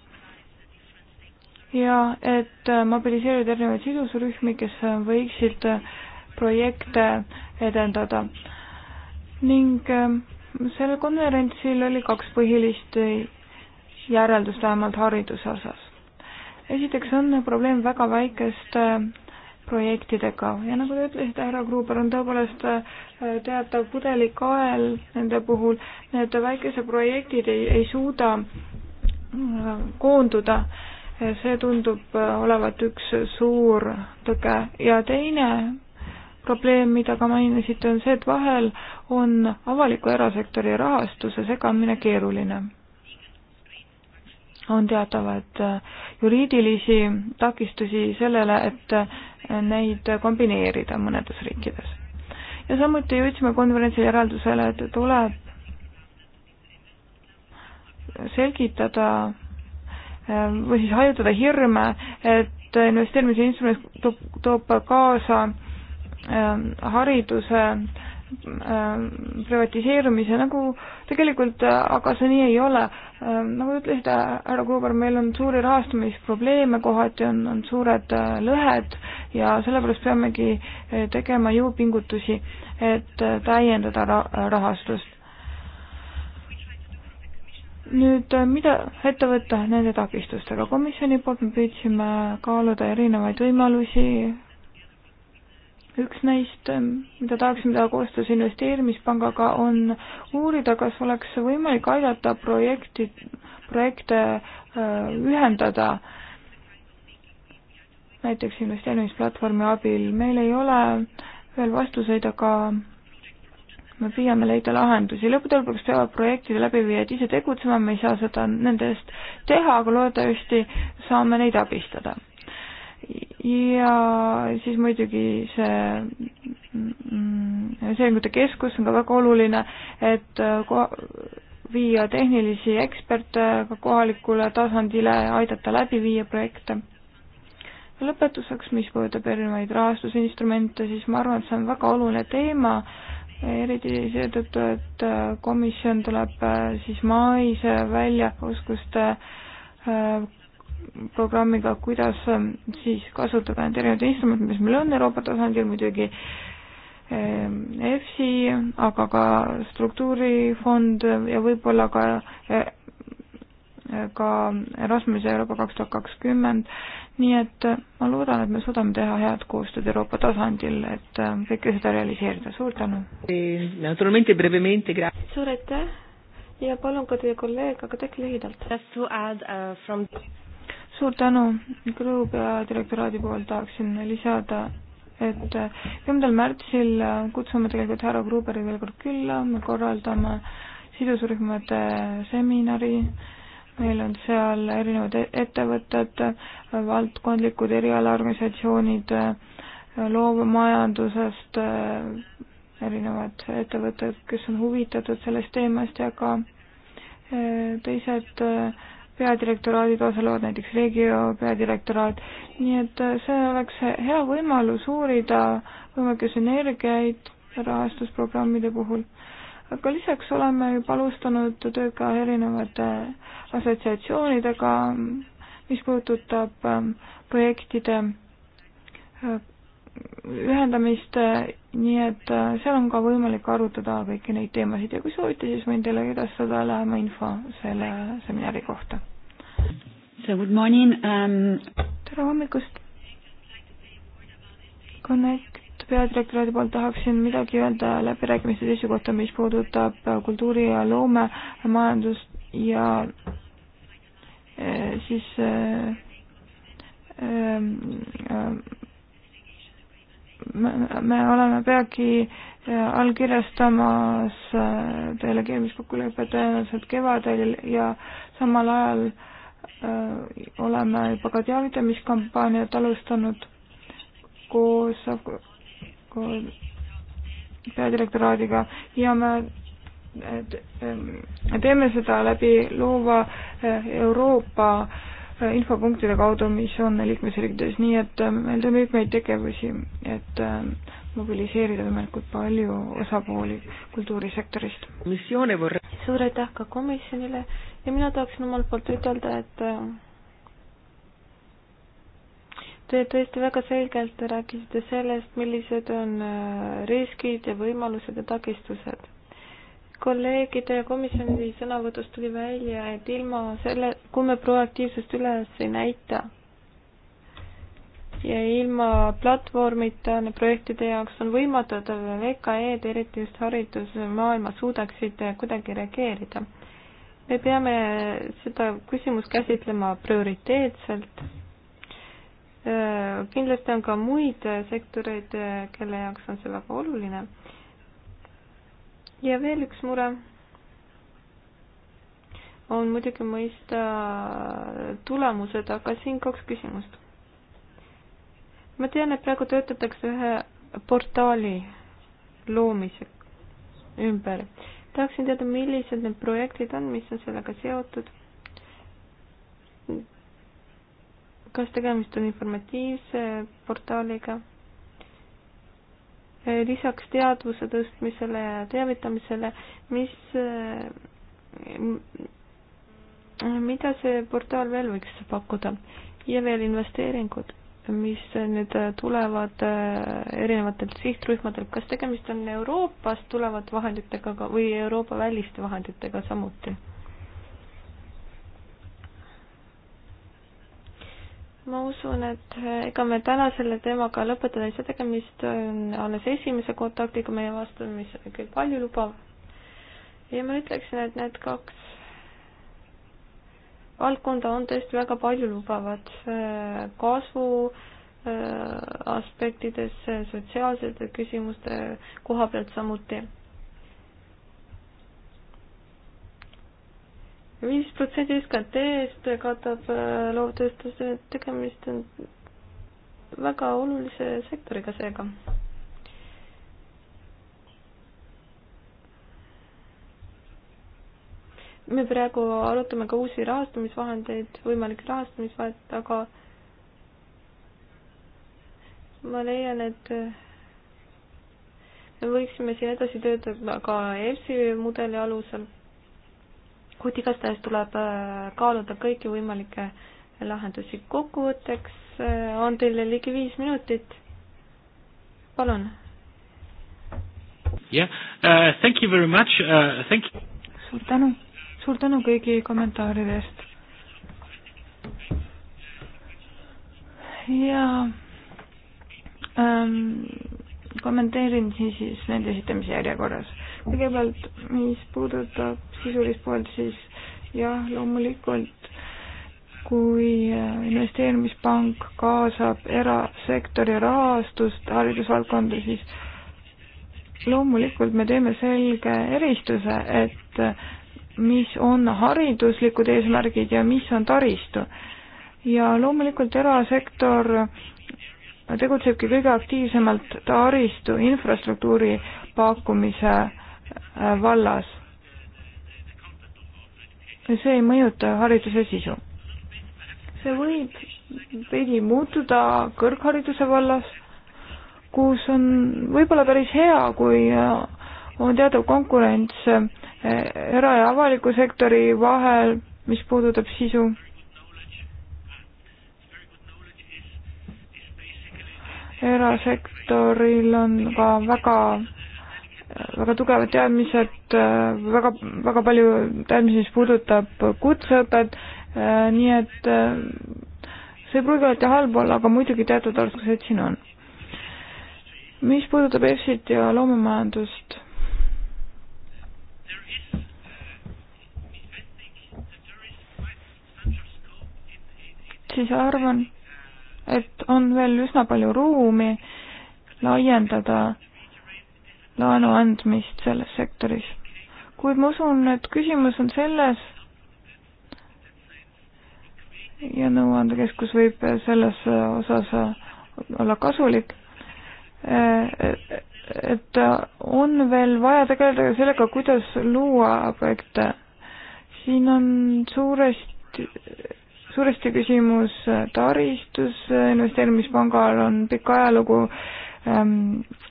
ja et mobiliseerida erinevaid sidusrühmi, kes võiksid projekte edendada. ning ähm, sellel konverentsil oli kaks põhilist järeldust vähemalt hariduse osas. esiteks on probleem väga väikeste äh, projektidega ja nagu te ütlesite, härra Gruber, on tõepoolest äh, teatav pudelikael nende puhul, need väikesed projektid ei, ei suuda äh, koonduda, see tundub olevat üks suur tõke ja teine probleem, mida ka mainisite, on see, et vahel on avaliku erasektori rahastuse segamine keeruline on teatavaid äh, juriidilisi takistusi sellele, et äh, neid kombineerida mõnedes riikides. ja samuti jõudsime konverentsil järeldusele, et tuleb selgitada äh, või siis hajutada hirme, et investeerimise instrument toob, toob kaasa hariduse äh, Ähm, privatiseerumise, nagu tegelikult äh, aga see nii ei ole. Ähm, nagu te ütlesite, härra Kuuber, meil on suuri rahastamisprobleeme, kohati on, on suured äh, lõhed ja sellepärast peamegi äh, tegema jõupingutusi, et täiendada ra-, rahastust. nüüd mida ette võtta nende takistustega? komisjoni poolt me püüdsime kaaluda erinevaid võimalusi, üks neist, ähm, mida tahaksime teha koostöös investeerimispangaga, on uurida, kas oleks võimalik aidata projekti, projekte äh, ühendada näiteks investeerimisplatvormi abil. meil ei ole veel vastuseid, aga me püüame leida lahendusi. lõppude lõpuks peavad projektide läbiviijad ise tegutsema, me ei saa seda nende eest teha, aga loodetavasti saame neid abistada ja siis muidugi see mm, mm, seeringute keskus on ka väga oluline, et äh, viia tehnilisi eksperte ka kohalikule tasandile ja aidata läbi viia projekte. lõpetuseks, mis puudutab erinevaid rahastusinstrumente, siis ma arvan, et see on väga oluline teema, eriti seetõttu, et äh, komisjon tuleb äh, siis mais välja oskuste programmiga, kuidas ähm, siis kasutada need erinevad instrumendid, mis meil on Euroopa tasandil muidugi, ähm, EFSI, aga ka struktuurifond ja võib-olla ka äh, äh, ka Erasmuse Euroopa kaks tuhat kakskümmend, nii et äh, ma loodan, et me suudame teha head koostööd Euroopa tasandil, et kõike seda realiseerida, suur tänu! E, suur aitäh ja palun ka teie kolleeg, aga tehke lühidalt suur tänu, Grõu peadirektoraadi poolt tahaksin lisada, et kümnendal märtsil kutsume tegelikult härra Gruberi veel kord külla, me korraldame sidusrühmade seminari, meil on seal erinevad e-, ettevõtted, valdkondlikud erialaorganisatsioonid, loovmajandusest erinevad ettevõtted, kes on huvitatud sellest teemast ja ka eh, teised äh, peadirektoraadid osalevad, näiteks Regio peadirektoraat, nii et äh, see oleks hea võimalus uurida võimalikke sünergiaid rahastusprogrammide puhul. aga lisaks oleme juba alustanud tööd ka erinevate assotsiatsioonidega, mis puudutab ähm, projektide äh, ühendamist, äh, nii et seal on ka võimalik arutada kõiki neid teemasid ja kui soovite, siis võin teile edastada lähema info selle seminari kohta. So good morning um.... tere hommikust. Connect peadirektoraadi poolt tahaksin midagi öelda läbirääkimiste seisukohta, mis puudutab kultuuri ja loome majandust ja eh, siis äh, äh, me, me oleme peagi allkirjastamas delegeerimiskokkulepet tõenäoliselt kevadel ja samal ajal äh, Äh, oleme juba ka teavitamiskampaaniat alustanud koos, koos peadirektoraadiga ja me teeme seda läbi loova äh, Euroopa äh, infopunktide kaudu, mis on liikmesriikides, nii et meil tuleb mitmeid tegevusi, et mobiliseerida võimalikult palju osapooli kultuurisektorist. suur aitäh ka komisjonile ja mina tahaksin omalt poolt ütelda, et äh, te tõesti väga selgelt rääkisite sellest, millised on äh, riskid ja võimalused ja takistused. kolleegide ja komisjoni sõnavõtust tuli välja, et ilma selle, kui me proaktiivsust üles ei näita ja ilma platvormita projektide jaoks on võimatu, et VKE-d, eriti just haridusmaailmas, suudaksid kuidagi reageerida me peame seda küsimust käsitlema prioriteetselt. Äh, kindlasti on ka muid äh, sektoreid, äh, kelle jaoks on see väga oluline. ja veel üks mure on muidugi mõista tulemused, aga siin kaks küsimust. ma tean, et praegu töötatakse ühe portaali loomise ümber tahaksin teada, millised need projektid on, mis on sellega seotud. kas tegemist on informatiivse portaaliga? lisaks teadvuse tõstmisele ja teavitamisele, mis, mida see portaal veel võiks pakkuda ja veel investeeringud mis nüüd tulevad äh, erinevatelt sihtrühmadelt, kas tegemist on Euroopast tulevate vahenditega või Euroopa väliste vahenditega samuti? ma usun, et äh, ega me täna selle teemaga lõpetada ei saa, tegemist on alles esimese kontaktiga meie vastu, mis oli küll paljulubav. ja ma ütleksin, et need kaks valdkonda on tõesti väga paljulubavat äh, kasvu äh, aspektides, äh, sotsiaalsete küsimuste koha pealt samuti. viis protsenti SKT-st katab loovtööstuse, tegemist on väga olulise sektoriga seega me praegu arutame ka uusi rahastamisvahendeid, võimalikke rahastamisvahendeid, aga ma leian, et me võiksime siin edasi töötada ka EFSI mudeli alusel, kuid igastahes tuleb äh, kaaluda kõiki võimalikke lahendusi. kokkuvõtteks äh, on teile ligi viis minutit. palun. jah yeah. uh,, thank you very much uh,, thank you. suur tänu suur tänu kõigi kommentaaride eest. ja ähm, kommenteerin siis, siis nende esitamise järjekorras. kõigepealt, mis puudutab sisulist poolt, siis jah, loomulikult kui äh, investeerimispank kaasab erasektori rahastust haridusvaldkonda, siis loomulikult me teeme selge eristuse, et mis on hariduslikud eesmärgid ja mis on taristu. ja loomulikult erasektor tegutsebki kõige aktiivsemalt taristu infrastruktuuri pakkumise äh, vallas. see ei mõjuta hariduse sisu. see võib veidi muutuda kõrghariduse vallas, kus on võib-olla päris hea, kui äh, on teatav konkurents äh, era- eh, ja avaliku sektori vahel, mis puudutab sisu. erasektoril on ka väga, väga tugevad teadmised, eh, väga, väga palju teadmisi, mis puudutab kutseõpet, eh, nii et see ei pruugi alati halb olla, aga muidugi teatud oskused siin on. mis puudutab EFSit ja loomemajandust siis arvan, et on veel üsna palju ruumi laiendada laenu andmist selles sektoris. kuid ma usun, et küsimus on selles ja nõuandekeskus võib selles osas olla kasulik, et on veel vaja tegeleda sellega, kuidas luua projekte. siin on suuresti suuresti küsimus äh, taristus, investeerimispangal on pikk ajalugu ähm,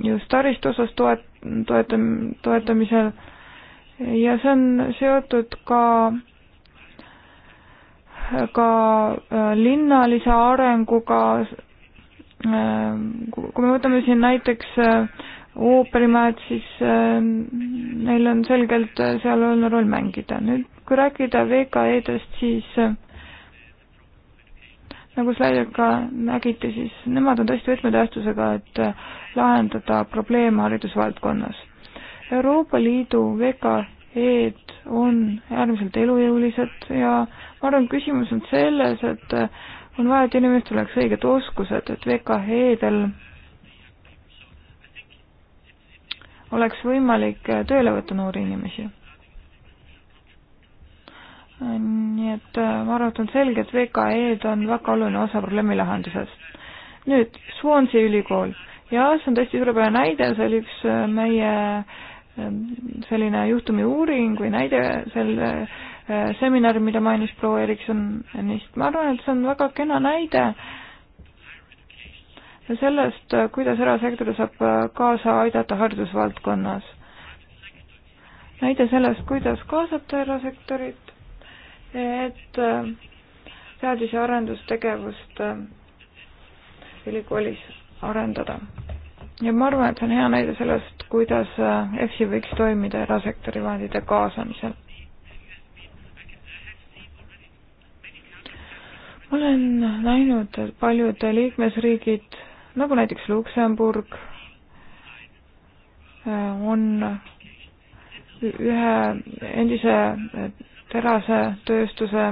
just taristu osas toet-, toetam-, toetamisel ja see on seotud ka ka äh, linnalise arenguga, ähm, kui me võtame siin näiteks äh, ooperimäed, siis ähm, neil on selgelt seal oluline roll mängida. nüüd kui rääkida VKE-dest, siis nagu slaidil ka nägite, siis nemad on tõesti võtmetähtsusega, et lahendada probleeme haridusvaldkonnas. Euroopa Liidu VKE-d on äärmiselt elujõulised ja ma arvan, küsimus on selles, et on vaja, et inimestel oleks õiged oskused, et VKE-del oleks võimalik tööle võtta noori inimesi nii et äh, ma arvan, et on selge, et VKE-d on väga oluline osa probleemi lahenduses. nüüd Swansea ülikool. jah, see on tõesti suurepärane näide, see oli üks äh, meie ähm, selline juhtumi uuring või näide selle äh, seminari, mida mainis proua Eriksonist. ma arvan, et see on väga kena näide sellest, kuidas erasektor saab kaasa aidata haridusvaldkonnas. näide sellest, kuidas kaasata erasektorit et äh, teadus- ja arendustegevust äh, ülikoolis arendada. ja ma arvan, et see on hea näide sellest, kuidas EFSI äh, võiks toimida erasektori vahendite kaasamisel. ma olen näinud, et paljud liikmesriigid, nagu näiteks Luksemburg, on ühe endise terasetööstuse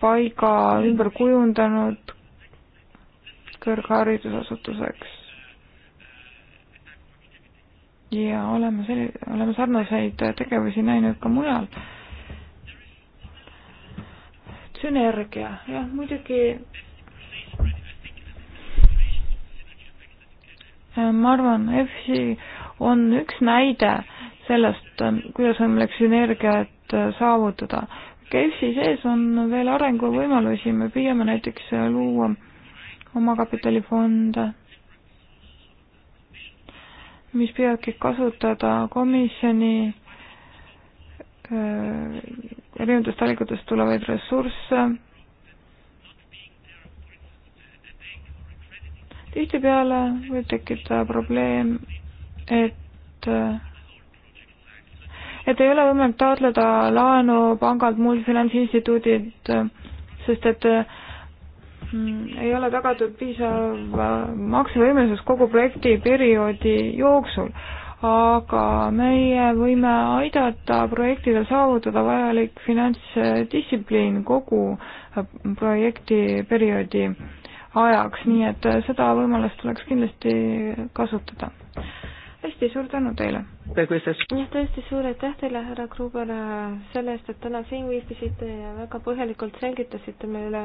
paiga ümber kujundanud kõrgharidusasutuseks. ja oleme selli-, oleme sarnaseid tegevusi näinud ka mujal. sünergia, jah, muidugi ma arvan, EFSI on üks näide sellest, kuidas on meil sünergiat eesmärgid äh, saavutada. KEF-i sees on veel arenguvõimalusi, me püüame näiteks äh, luua omakapitalifonde, mis püüabki kasutada komisjoni äh, erinevatest allikatest tulevaid ressursse. tihtipeale võib tekkida probleem, et et ei ole võimalik taotleda laenu pangalt, muud finantsinstituudid, sest et mm, ei ole tagatud piisav maksevõimelisus kogu projekti perioodi jooksul. aga meie võime aidata projektidel saavutada vajalik finantsdistsipliin kogu projekti perioodi ajaks, nii et seda võimalust tuleks kindlasti kasutada hästi, suur tänu teile! jah, tõesti suur aitäh teile, härra Kruber, selle eest, et täna siin viibisite ja väga põhjalikult selgitasite meile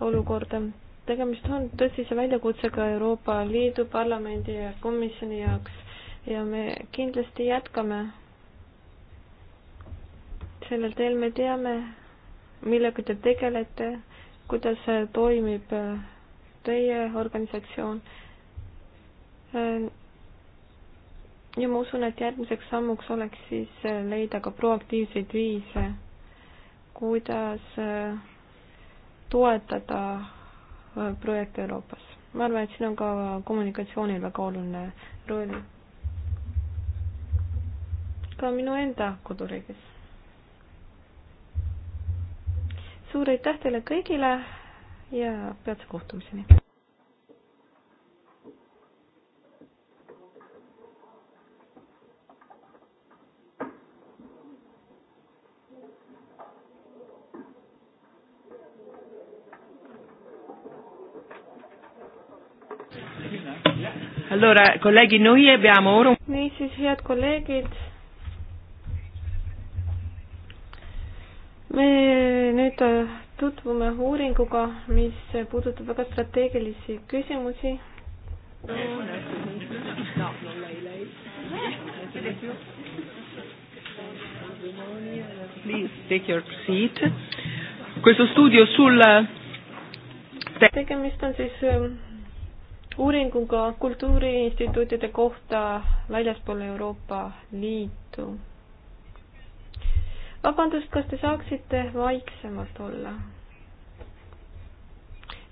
olukorda. tegemist on tõsise väljakutsega Euroopa Liidu Parlamendi ja Komisjoni jaoks ja me kindlasti jätkame sellel teel, me teame, millega te tegelete, kuidas toimib teie organisatsioon ja ma usun, et järgmiseks sammuks oleks siis äh, leida ka proaktiivseid viise, kuidas äh, toetada äh, projekte Euroopas. ma arvan, et siin on ka kommunikatsioonil väga oluline roll. ka minu enda koduriigis. suur aitäh teile kõigile ja peatse kohtumiseni! Allora, colleghi, noi abbiamo ora un... Niisiis, head kolleegid. me nüüd äh, tutvume uuringuga, mis puudutab väga strateegilisi küsimusi. Please take your seat. Questo studio sul... Äh, Tegemist on siis ähm, uuringuga kultuuriinstituutide kohta väljaspool Euroopa Liitu. vabandust, kas te saaksite vaiksemalt olla?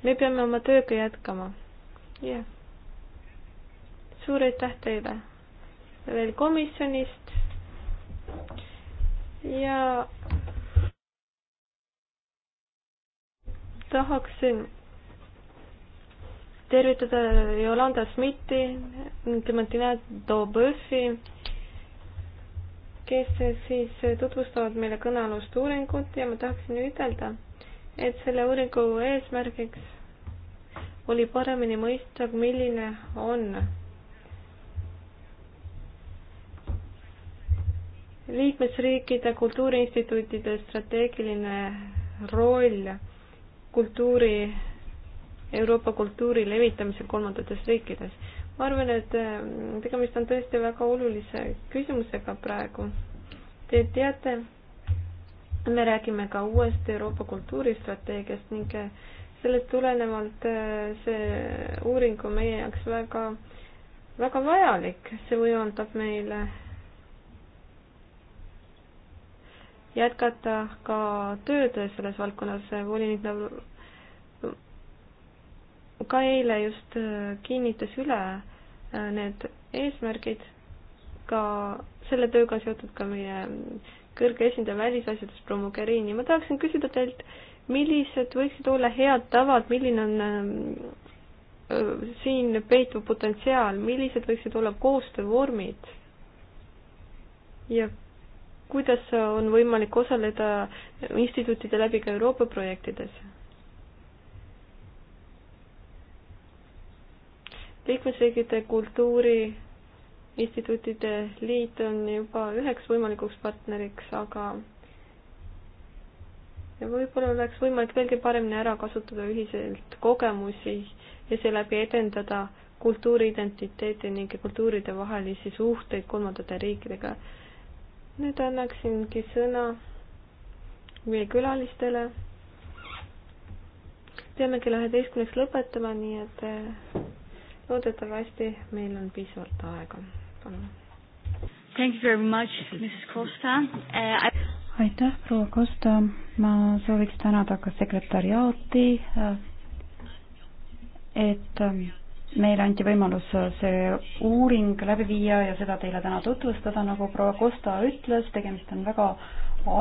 me peame oma tööga jätkama. jah yeah.. suur aitäh teile veel komisjonist ja tahaksin tervitada Yolanda Smithi, Clementina Dobõfi, kes siis tutvustavad meile kõnealust uuringut ja ma tahaksin ütelda, et selle uuringu eesmärgiks oli paremini mõista, milline on liikmesriikide kultuuriinstituutide strateegiline roll kultuuri Euroopa kultuuri levitamisel kolmandates riikides. ma arvan, et mm, tegemist on tõesti väga olulise küsimusega praegu. Te teate, me räägime ka uuest Euroopa kultuuristrateegiast ning eh, sellest tulenevalt eh, see uuring on meie jaoks väga, väga vajalik, see võimaldab meile jätkata ka tööd selles valdkonnas, volinik ka eile just äh, kinnitas üle äh, need eesmärgid, ka selle tööga seotud ka meie mm, kõrge esindaja välisasjades, Promogherini, ma tahaksin küsida teilt, millised võiksid olla head tavad, milline on äh, siin peituv potentsiaal, millised võiksid olla koostöövormid ja kuidas on võimalik osaleda instituutide läbi ka Euroopa projektides? liikmesriigide kultuuri instituutide liit on juba üheks võimalikuks partneriks, aga võib-olla oleks võimalik veelgi paremini ära kasutada ühiselt kogemusi ja seeläbi edendada kultuuriidentiteeti ning kultuuride vahelisi suhteid kolmandate riikidega. nüüd annaksingi sõna meie külalistele. peamegi üheteistkümneks lõpetama, nii et loodetavasti meil on piisavalt aega. palun. Thank you very much, Mrs Costa uh,. I... aitäh, proua Costa, ma sooviks tänada ka sekretäriaati, eh, et eh, meile anti võimalus eh, see uuring läbi viia ja seda teile täna tutvustada, nagu proua Costa ütles, tegemist on väga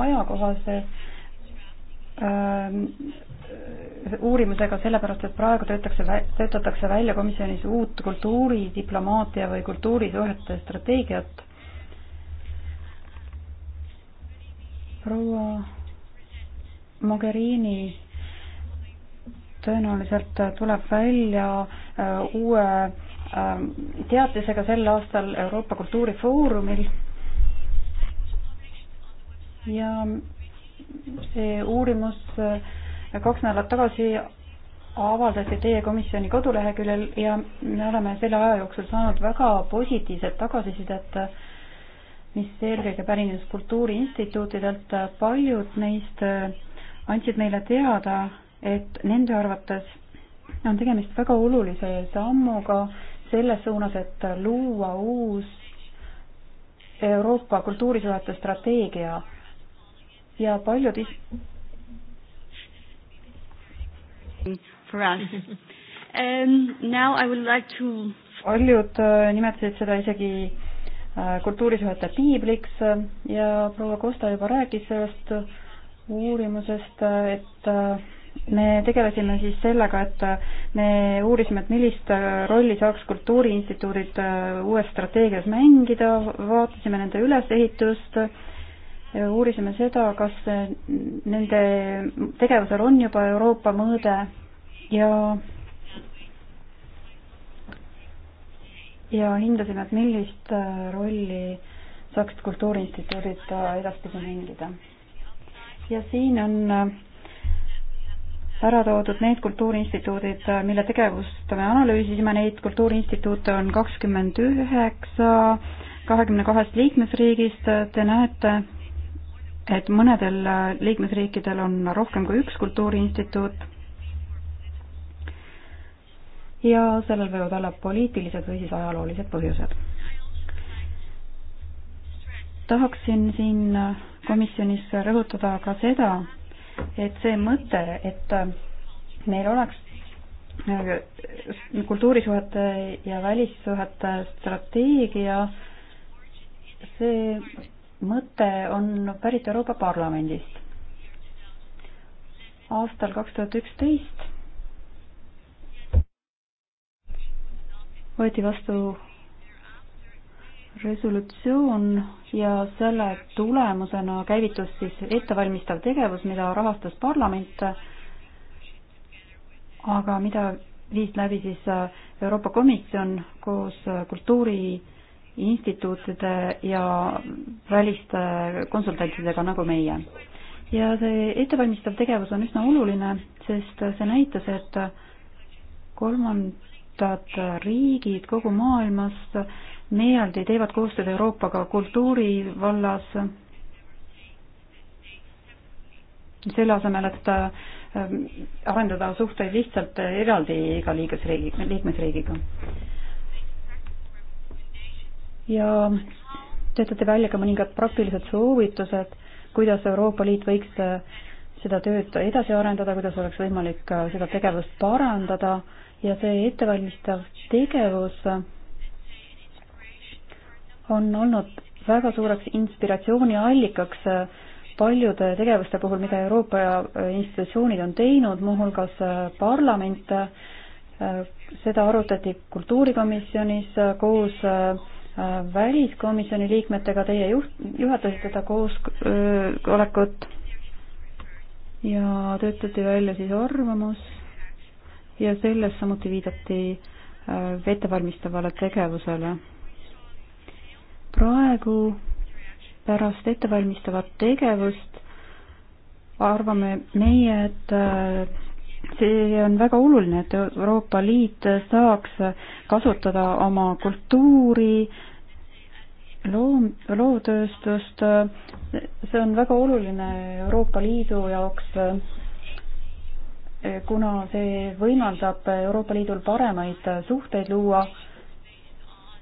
ajakohase äh, Ähm, uurimusega, sellepärast et praegu töötakse, töötatakse välja komisjonis uut kultuuridiplomaatia või kultuurisuhete strateegiat. proua Mogherini tõenäoliselt tuleb välja äh, uue ähm, teatisega sel aastal Euroopa Kultuurifoorumil ja see uurimus äh, kaks nädalat tagasi avaldati teie komisjoni koduleheküljel ja me oleme selle aja jooksul saanud väga positiivset tagasisidet, äh, mis eelkõige pärines kultuuriinstituutidelt. paljud neist äh, andsid meile teada, et nende arvates on tegemist väga olulise sammuga selles suunas, et luua uus Euroopa kultuurisuhete strateegia ja paljud is-. For us um,. Now I would like to. paljud äh, nimetasid seda isegi äh, kultuurisuhete piibliks äh, ja proua Kosta juba rääkis sellest uurimusest, et me tegelesime siis sellega, et me uurisime, et millist rolli saaks kultuuriinstituudid uues strateegias mängida, vaatasime nende ülesehitust uurisime seda, kas nende tegevusel on juba Euroopa mõõde ja ja hindasime, et millist rolli saaksid kultuuriinstituudid edaspidi mängida. ja siin on ära toodud need kultuuriinstituudid, mille tegevust me analüüsisime, neid kultuuriinstituute on kakskümmend üheksa kahekümne kahest liikmesriigist, te näete et mõnedel liikmesriikidel on rohkem kui üks kultuuriinstituut ja sellel võivad olla poliitilised või siis ajaloolised põhjused. tahaksin siin komisjonis rõhutada ka seda, et see mõte, et meil oleks äh, kultuurisuhete ja välissuhete strateegia, see mõte on pärit Euroopa Parlamendist. aastal kaks tuhat üksteist võeti vastu resolutsioon ja selle tulemusena käivitus siis ettevalmistav tegevus, mida rahastas parlament, aga mida viis läbi siis Euroopa Komisjon koos kultuuri instituutide ja väliste konsultantidega nagu meie. ja see ettevalmistav tegevus on üsna oluline, sest see näitas, et kolmandad riigid kogu maailmas meeldi teevad koostööd Euroopaga kultuuri vallas, selle asemel, et ähm, arendada suhteid lihtsalt eraldi iga liikmesriigi, liikmesriigiga ja töötate välja ka mõningad praktilised soovitused, kuidas Euroopa Liit võiks äh, seda tööd edasi arendada, kuidas oleks võimalik äh, seda tegevust parandada ja see ettevalmistav tegevus äh, on olnud väga suureks inspiratsiooniallikaks paljude tegevuste puhul, mida Euroopa institutsioonid on teinud, muuhulgas parlament, seda arutati kultuurikomisjonis koos äh, Äh, väliskomisjoni liikmetega, teie juht, juhatasite seda koosolekut ja töötati välja siis arvamus ja selles samuti viidati äh, ettevalmistavale tegevusele. praegu pärast ettevalmistavat tegevust arvame meie, et äh, see on väga oluline, et Euroopa Liit saaks kasutada oma kultuuri, loom, loovtööstust, see on väga oluline Euroopa Liidu jaoks, kuna see võimaldab Euroopa Liidul paremaid suhteid luua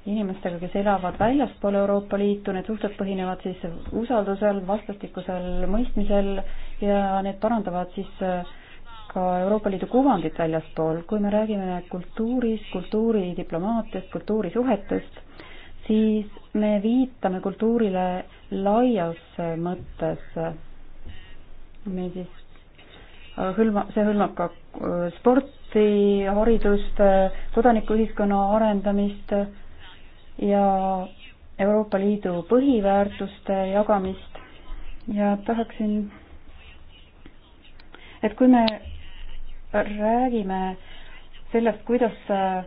inimestega, kes elavad väljaspool Euroopa Liitu, need suhted põhinevad siis usaldusel, vastastikusel mõistmisel ja need parandavad siis ka Euroopa Liidu kuvandit väljaspool. kui me räägime kultuurist, kultuuridiplomaatiast, kultuurisuhetest, siis me viitame kultuurile laias mõttes. me siis äh, hõlma, see hõlmab ka äh, sporti, haridust, kodanikuühiskonna arendamist ja Euroopa Liidu põhiväärtuste jagamist ja tahaksin, et kui me räägime sellest, kuidas äh,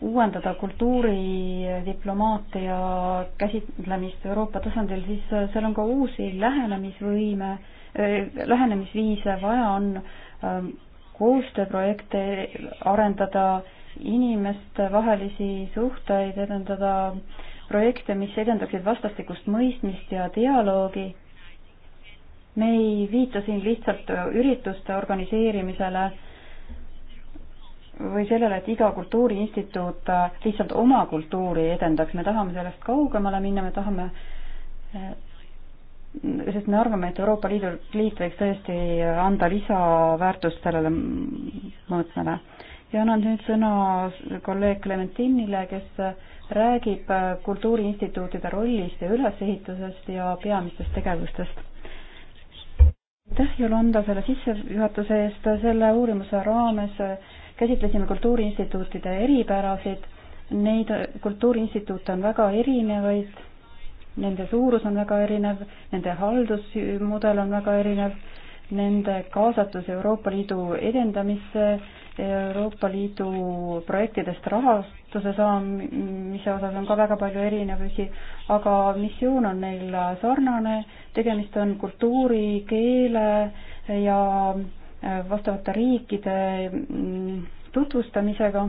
uuendada kultuuridiplomaatia käsitlemist Euroopa tasandil, siis äh, seal on ka uusi lähenemisvõime, äh, lähenemisviise, vaja on ähm, koostööprojekte arendada, inimestevahelisi suhteid edendada, projekte, mis edendaksid vastastikust mõistmist ja dialoogi. me ei viita siin lihtsalt ürituste organiseerimisele või sellele, et iga kultuuriinstituut äh, lihtsalt oma kultuuri edendaks, me tahame sellest kaugemale minna, me tahame äh, sest me arvame, et Euroopa Liidu liit võiks tõesti äh, anda lisaväärtust sellele mõõtmele. ja annan nüüd sõna kolleeg Clementinile, kes räägib kultuuriinstituutide rollist ja ülesehitusest ja peamistest tegevustest. aitäh, Jolanda, selle sissejuhatuse eest, selle uurimuse raames käsitlesime kultuuriinstituutide eripärasid, neid äh, kultuuriinstituute on väga erinevaid, nende suurus on väga erinev, nende haldusmudel on väga erinev, nende kaasatus Euroopa Liidu edendamisse, Euroopa Liidu projektidest rahastuse saamise osas on ka väga palju erinevusi, aga missioon on neil sarnane, tegemist on kultuuri, keele ja Äh, vastavate riikide mm, tutvustamisega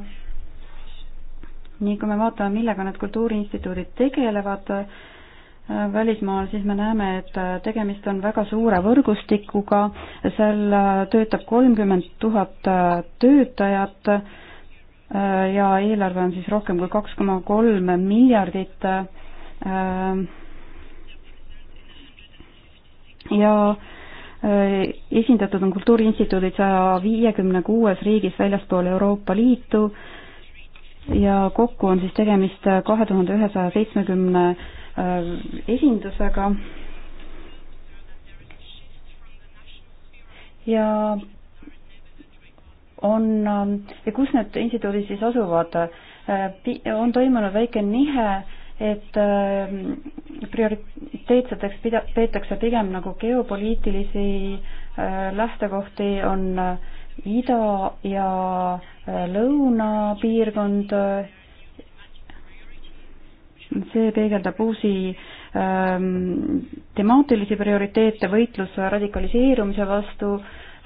ning kui me vaatame, millega need kultuuriinstituudid tegelevad äh, välismaal, siis me näeme, et äh, tegemist on väga suure võrgustikuga, seal töötab kolmkümmend tuhat töötajat ja eelarve on siis rohkem kui kaks koma kolm miljardit. ja Äh, esindatud on kultuuriinstituudid saja viiekümne kuues riigis väljaspool Euroopa Liitu ja kokku on siis tegemist kahe tuhande ühesaja seitsmekümne äh, esindusega. ja on, äh, ja kus need instituudid siis asuvad? on toimunud väike nihe et ähm, prioriteetseteks pida-, peetakse pigem nagu geopoliitilisi äh, lähtekohti, on äh, ida- ja äh, lõunapiirkond, see peegeldab uusi ähm, temaatilisi prioriteete, võitlus radikaliseerumise vastu,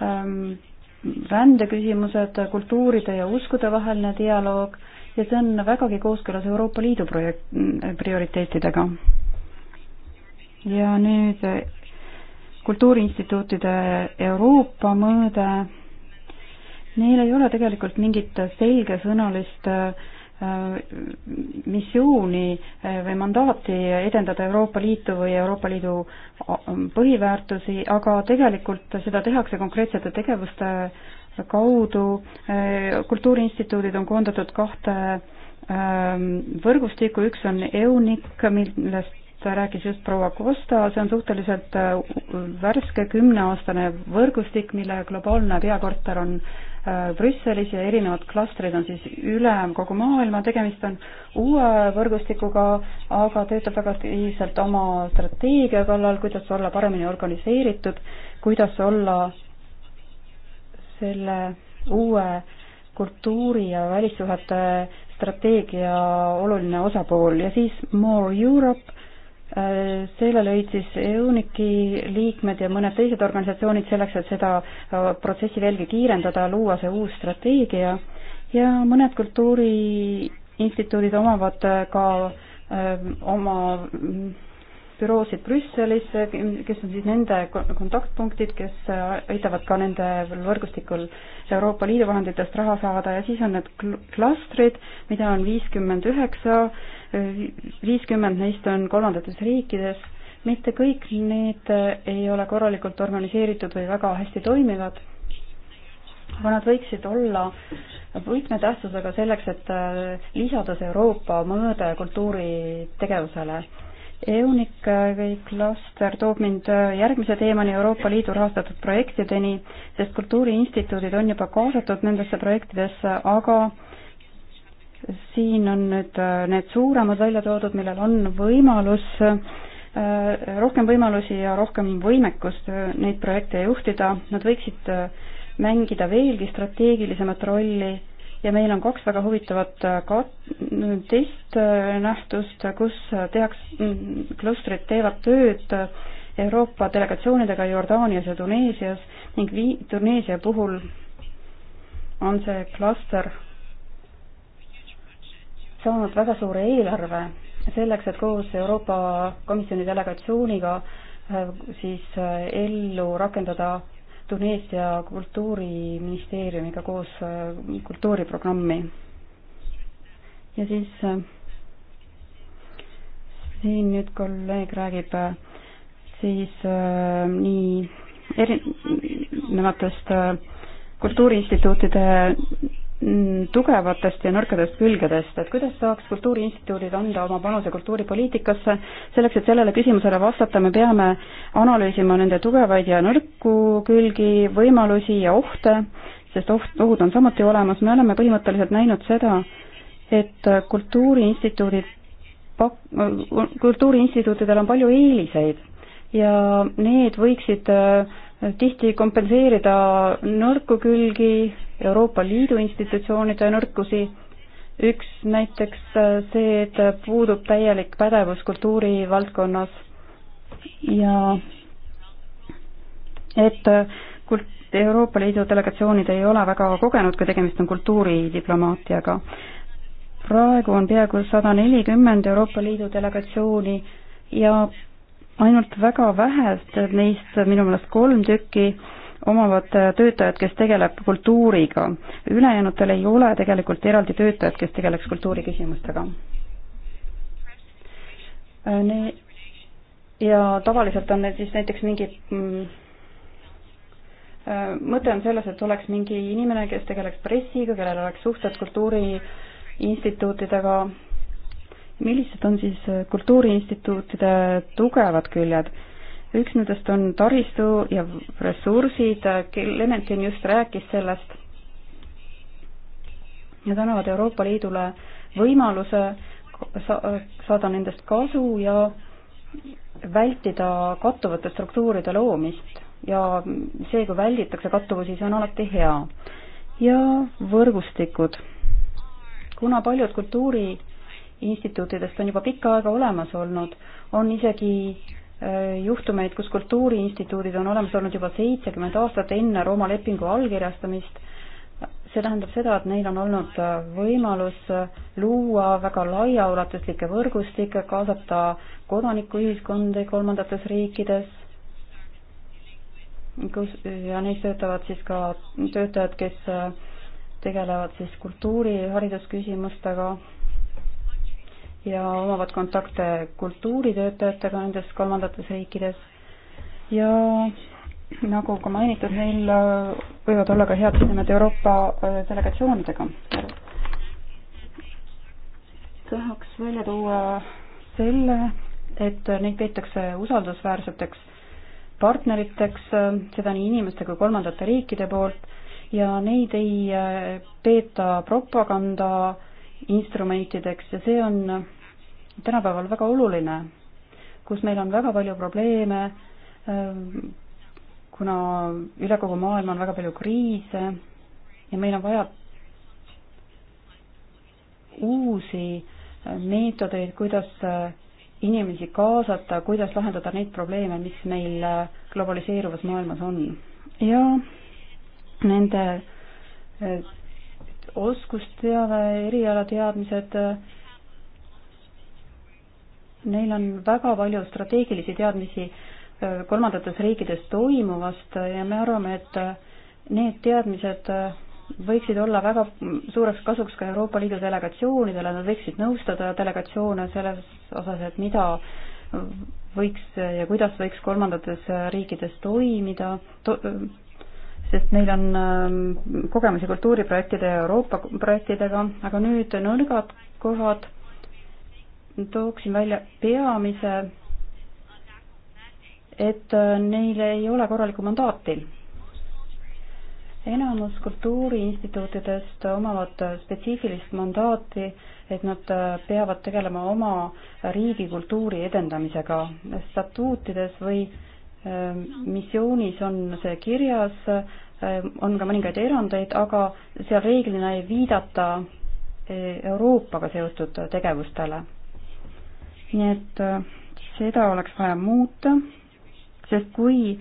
ähm, rändeküsimused, kultuuride ja uskude vaheline dialoog ja see on vägagi kooskõlas Euroopa Liidu projekt, prioriteetidega. ja nüüd kultuuriinstituutide Euroopa mõõde, neil ei ole tegelikult mingit selgesõnalist äh, missiooni äh, või mandaati edendada Euroopa Liitu või Euroopa Liidu äh, põhiväärtusi, aga tegelikult seda tehakse konkreetsete tegevuste kaudu. Eh, kultuuriinstituudid on koondatud kahte ähm, võrgustikku, üks on EUNIC, millest rääkis just proua Costa, see on suhteliselt äh, värske kümneaastane võrgustik, mille globaalne peakorter on äh, Brüsselis ja erinevad klastrid on siis üle kogu maailma, tegemist on uue võrgustikuga, aga töötab väga aktiivselt oma strateegia kallal, kuidas olla paremini organiseeritud, kuidas olla selle uue kultuuri ja välissuhete strateegia oluline osapool ja siis More Europe, äh, selle lõid siis EUNIC-i liikmed ja mõned teised organisatsioonid selleks, et seda äh, protsessi veelgi kiirendada, luua see uus strateegia ja mõned kultuuriinstituudid omavad äh, ka oma büroosid Brüsselis, kes on siis nende kontaktpunktid, kes äh, aitavad ka nende võrgustikul Euroopa Liidu vahenditest raha saada ja siis on need klastrid, mida on viiskümmend üheksa, viiskümmend neist on kolmandates riikides, mitte kõik need äh, ei ole korralikult organiseeritud või väga hästi toimivad, aga nad võiksid olla võtmetähtsusega selleks, et äh, lisada see Euroopa mõõde kultuuritegevusele EUNIC klaster toob mind järgmise teemani Euroopa Liidu rahastatud projektideni, sest kultuuriinstituudid on juba kaasatud nendesse projektidesse, aga siin on nüüd äh, need suuremad välja toodud, millel on võimalus, äh, rohkem võimalusi ja rohkem võimekust äh, neid projekte juhtida, nad võiksid mängida veelgi strateegilisemat rolli ja meil on kaks väga huvitavat äh, kat-, teist äh, nähtust, äh, kus tehakse, mm, klustrid teevad tööd Euroopa delegatsioonidega Jordaanias ja Tuneesias ning vii-, Tuneesia puhul on see klaster saanud väga suure eelarve selleks, et koos Euroopa Komisjoni delegatsiooniga siis ellu rakendada Tuneesia kultuuriministeeriumiga koos äh, kultuuriprogrammi. ja siis äh, siin nüüd kolleeg räägib äh, siis nii erinevatest kultuuriinstituutide Mm, tugevatest ja nõrkadest külgedest, et kuidas saaks kultuuriinstituudid anda oma panuse kultuuripoliitikasse, selleks et sellele küsimusele vastata, me peame analüüsima nende tugevaid ja nõrku külgi, võimalusi ja ohte, sest oht, ohud on samuti olemas, me oleme põhimõtteliselt näinud seda, et kultuuriinstituudid pak-, kultuuriinstituutidel on palju eeliseid ja need võiksid äh, tihti kompenseerida nõrku külgi Euroopa Liidu institutsioonide nõrkusi. üks näiteks äh, see, et puudub täielik pädevus kultuurivaldkonnas ja et äh, kult-, Euroopa Liidu delegatsioonid ei ole väga kogenud, kui tegemist on kultuuridiplomaatiaga. praegu on peaaegu sada nelikümmend Euroopa Liidu delegatsiooni ja ainult väga vähesed neist, minu meelest kolm tükki, omavad töötajad, kes tegeleb kultuuriga. ülejäänutel ei ole tegelikult eraldi töötajat, kes tegeleks kultuuriküsimustega. Äh, nii, ja tavaliselt on need siis näiteks mingi mm, äh, mõte on selles, et oleks mingi inimene, kes tegeleks pressiga, kellel oleks suhted kultuuriinstituutidega. millised on siis kultuuriinstituutide tugevad küljed? üks nendest on taristu ja ressursid, Clementin just rääkis sellest. Nad annavad Euroopa Liidule võimaluse saada nendest kasu ja vältida kattuvate struktuuride loomist ja see, kui välditakse kattuvusi, see on alati hea. ja võrgustikud. kuna paljud kultuuriinstituutidest on juba pikka aega olemas olnud, on isegi juhtumeid, kus kultuuriinstituudid on olemas olnud juba seitsekümmend aastat enne Rooma lepingu allkirjastamist. see tähendab seda, et neil on olnud võimalus luua väga laiaulatuslikke võrgustikke, kaasata kodanikuühiskondi kolmandates riikides, kus ja neis töötavad siis ka töötajad, kes tegelevad siis kultuuri, haridusküsimustega ja omavad kontakte kultuuritöötajatega nendes kolmandates riikides ja nagu ka mainitud, neil äh, võivad olla ka head sidemed Euroopa äh, delegatsioonidega. tahaks välja tuua selle, et neid peetakse usaldusväärseteks partneriteks, äh, seda nii inimeste kui kolmandate riikide poolt ja neid ei peeta propaganda äh, instrumentideks ja see on tänapäeval väga oluline, kus meil on väga palju probleeme, kuna üle kogu maailma on väga palju kriise ja meil on vaja uusi meetodeid, kuidas inimesi kaasata, kuidas lahendada neid probleeme, mis meil globaliseeruvas maailmas on. ja nende oskusteave, erialateadmised, neil on väga palju strateegilisi teadmisi äh, kolmandates riikides toimuvast ja me arvame, et äh, need teadmised äh, võiksid olla väga suureks kasuks ka Euroopa Liidu delegatsioonidele, nad võiksid nõustada delegatsioone selles osas, et mida võiks ja kuidas võiks kolmandates riikides toimida to, sest meil on ähm, kogemusi kultuuriprojektide ja Euroopa projektidega, aga nüüd nõrgad kohad tooksin välja peamise, et äh, neil ei ole korralikku mandaati. enamus kultuuriinstituutidest omavad spetsiifilist mandaati, et nad äh, peavad tegelema oma riigi kultuuri edendamisega statuutides või äh, Ehm, missioonis on see kirjas, ehm, on ka mõningaid erandeid, aga seal reeglina ei viidata e, Euroopaga seotud tegevustele. nii et e, seda oleks vaja muuta, sest kui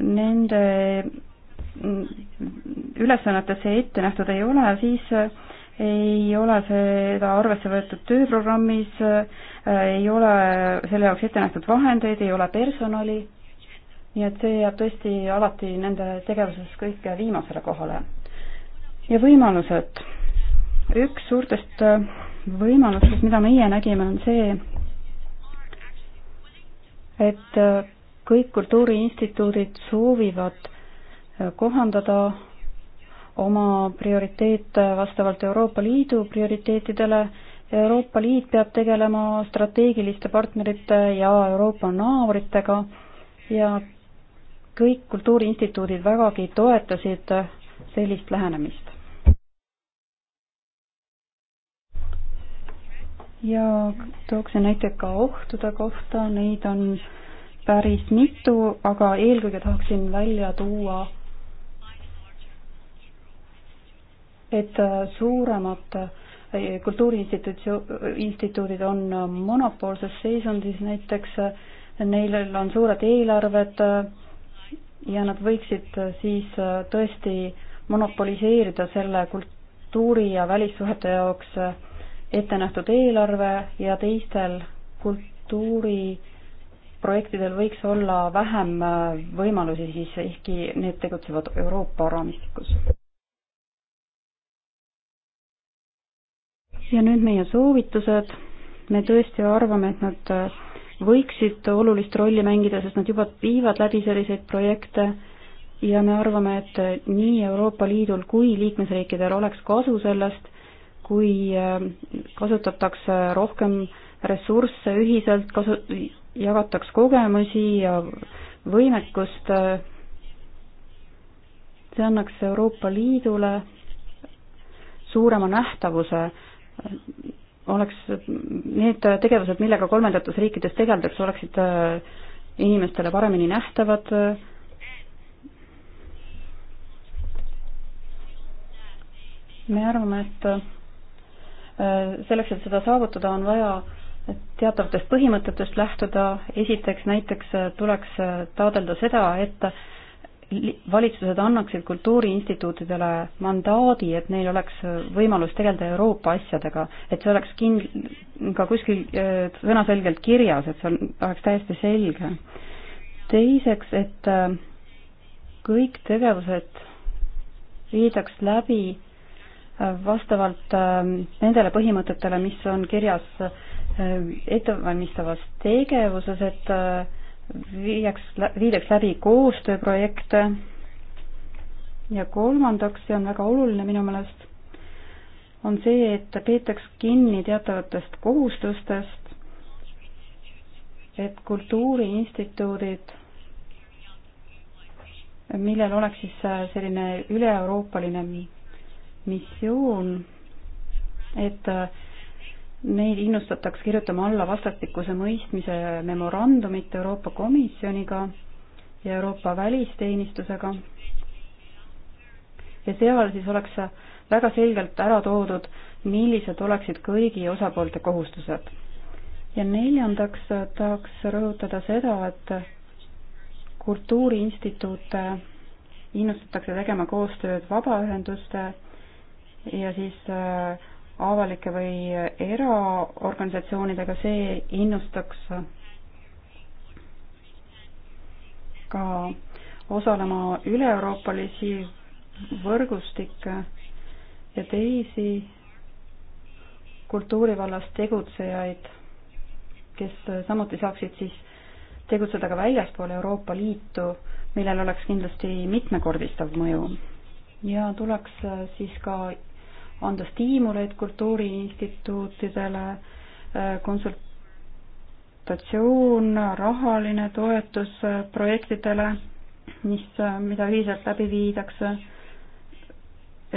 nende mm, ülesannetesse ette nähtud ei ole, siis e, ei ole seda arvesse võetud tööprogrammis, ei ole selle jaoks ette nähtud vahendeid, ei ole personali nii et see jääb tõesti alati nende tegevuses kõige viimasele kohale. ja võimalused. üks suurtest äh, võimalustest, mida meie nägime, on see, et äh, kõik kultuuriinstituudid soovivad äh, kohandada oma prioriteete vastavalt Euroopa Liidu prioriteetidele. Euroopa Liit peab tegelema strateegiliste partnerite ja Euroopa naabritega ja kõik kultuuriinstituudid vägagi toetasid sellist lähenemist. ja tooksin näite ka ohtude kohta, neid on päris mitu, aga eelkõige tahaksin välja tuua, et suuremad kultuuriinstitutsio-, instituudid on monopoolses seisundis näiteks, neil on suured eelarved, ja nad võiksid äh, siis äh, tõesti monopoliseerida selle kultuuri ja välissuhete jaoks äh, ette nähtud eelarve ja teistel kultuuriprojektidel võiks olla vähem võimalusi siis, ehkki need tegutsevad Euroopa raamistikus. ja nüüd meie soovitused. me tõesti arvame, et nad võiksid olulist rolli mängida, sest nad juba viivad läbi selliseid projekte ja me arvame, et nii Euroopa Liidul kui liikmesriikidel oleks kasu sellest, kui äh, kasutatakse rohkem ressursse ühiselt, kasu-, jagataks kogemusi ja võimekust, äh, see annaks Euroopa Liidule suurema nähtavuse oleks need tegevused, millega kolmandates riikides tegeldakse, oleksid äh, inimestele paremini nähtavad. me arvame, et äh, selleks, et seda saavutada, on vaja teatavatest põhimõtetest lähtuda, esiteks näiteks äh, tuleks taotleda seda, et valitsused annaksid kultuuriinstituutidele mandaadi, et neil oleks võimalus tegeleda Euroopa asjadega, et see oleks kind-, ka kuskil äh, sõnaselgelt kirjas, et see oleks täiesti selge. teiseks, et äh, kõik tegevused viidaks läbi äh, vastavalt nendele põhimõtetele, mis on kirjas ettevalmistavas tegevuses, et viiaks, viidaks läbi koostööprojekte ja kolmandaks, see on väga oluline minu meelest, on see, et peetaks kinni teatavatest kohustustest, et kultuuriinstituudid, millel oleks siis selline üle-euroopaline missioon, et äh, Neid innustatakse kirjutama alla vastastikuse mõistmise memorandumit Euroopa Komisjoniga ja Euroopa Välisteenistusega. ja seal siis oleks väga selgelt ära toodud, millised oleksid kõigi osapoolte kohustused. ja neljandaks tahaks rõhutada seda, et kultuuriinstituute innustatakse tegema koostööd vabaühenduste ja siis äh, avalike või eraorganisatsioonidega, see innustaks ka osalema üle-euroopalisi võrgustikke ja teisi kultuurivallas tegutsejaid, kes samuti saaksid siis tegutseda ka väljaspool Euroopa Liitu, millel oleks kindlasti mitmekordistav mõju. ja tuleks siis ka anda stiimuleid kultuuriinstituutidele, äh, konsultatsioon, rahaline toetus äh, projektidele, mis, äh, mida ühiselt läbi viidakse,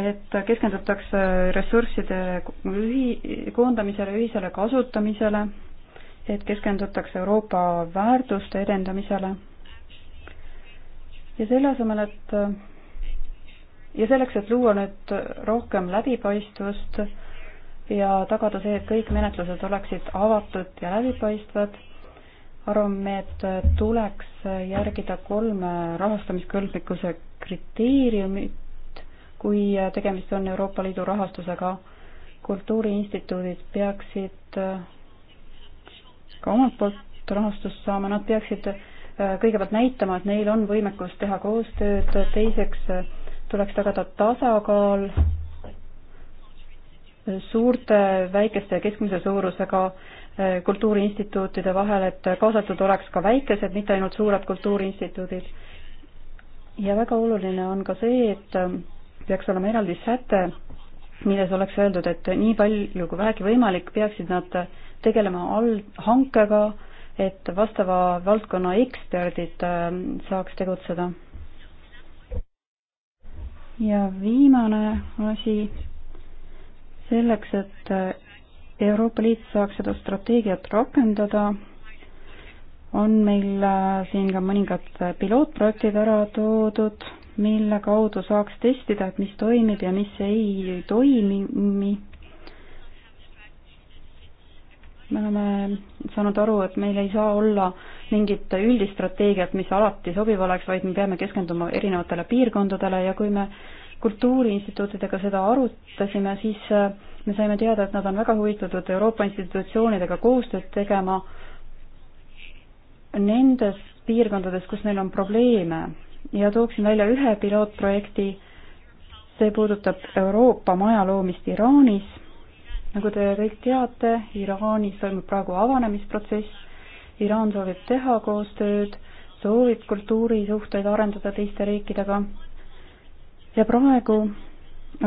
et keskendutakse ressursside ühi-, koondamisele, ühisele kasutamisele, et keskendutakse Euroopa väärtuste edendamisele ja selle asemel, et ja selleks, et luua nüüd rohkem läbipaistvust ja tagada see, et kõik menetlused oleksid avatud ja läbipaistvad, arvame, et tuleks järgida kolme rahastamiskõlblikkuse kriteeriumit, kui tegemist on Euroopa Liidu rahastusega. kultuuriinstituudid peaksid ka omalt poolt rahastust saama, nad peaksid kõigepealt näitama, et neil on võimekus teha koostööd, teiseks tuleks tagada tasakaal suurte, väikeste ja keskmise suurusega eh, kultuuriinstituutide vahel, et kaasatud oleks ka väikesed, mitte ainult suured kultuuriinstituudid. ja väga oluline on ka see, et eh, peaks olema eraldi säte, milles oleks öeldud, et nii palju kui vähegi võimalik, peaksid nad tegelema all, hankega, et vastava valdkonna eksperdid eh, saaks tegutseda ja viimane asi, selleks, et Euroopa Liit saaks seda strateegiat rakendada, on meil äh, siin ka mõningad pilootprojektid ära toodud, mille kaudu saaks testida, et mis toimib ja mis ei toimi. me oleme saanud aru, et meil ei saa olla äh, mingit üldist strateegiat, mis alati sobiv oleks, vaid me peame keskenduma erinevatele piirkondadele ja kui me kultuuriinstituutidega seda arutasime, siis äh, me saime teada, et nad on väga huvitatud Euroopa institutsioonidega koostööd tegema nendes piirkondades, kus neil on probleeme ja tooksin välja ühe pilootprojekti, see puudutab Euroopa maja loomist Iraanis. nagu te kõik teate, Iraanis toimub praegu avanemisprotsess Iraan soovib teha koostööd, soovib kultuurisuhteid arendada teiste riikidega. ja praegu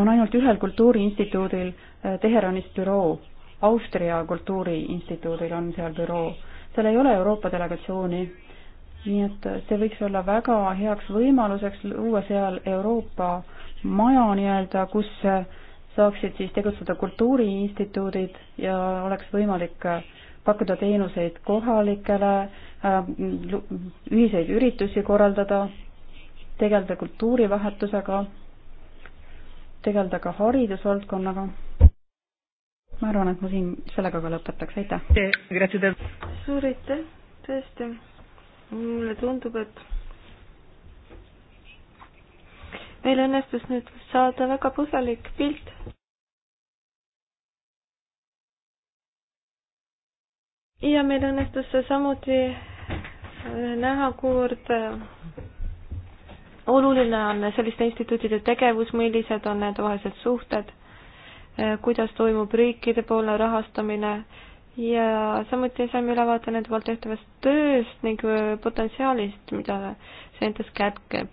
on ainult ühel kultuuriinstituudil eh, Teheranis büroo, Austria kultuuriinstituudil on seal büroo, seal ei ole Euroopa delegatsiooni, nii et see võiks olla väga heaks võimaluseks luua seal Euroopa maja nii-öelda, kus saaksid siis tegutseda kultuuriinstituudid ja oleks võimalik eh, pakkuda teenuseid kohalikele, äh, ühiseid üritusi korraldada, tegeleda kultuurivahetusega, tegeleda ka haridusvaldkonnaga. ma arvan, et ma siin sellega ka lõpetaks, aitäh. suur aitäh, tõesti. mulle tundub, et meil õnnestus nüüd saada väga põhjalik pilt ja meil õnnestus samuti äh, näha, kuivõrd äh, oluline on selliste instituutide tegevus, millised on need vahelised suhted, äh, kuidas toimub riikidepoolne rahastamine ja samuti saime ülevaate nende poolt tehtavast tööst ning potentsiaalist, mida see endas kätkeb.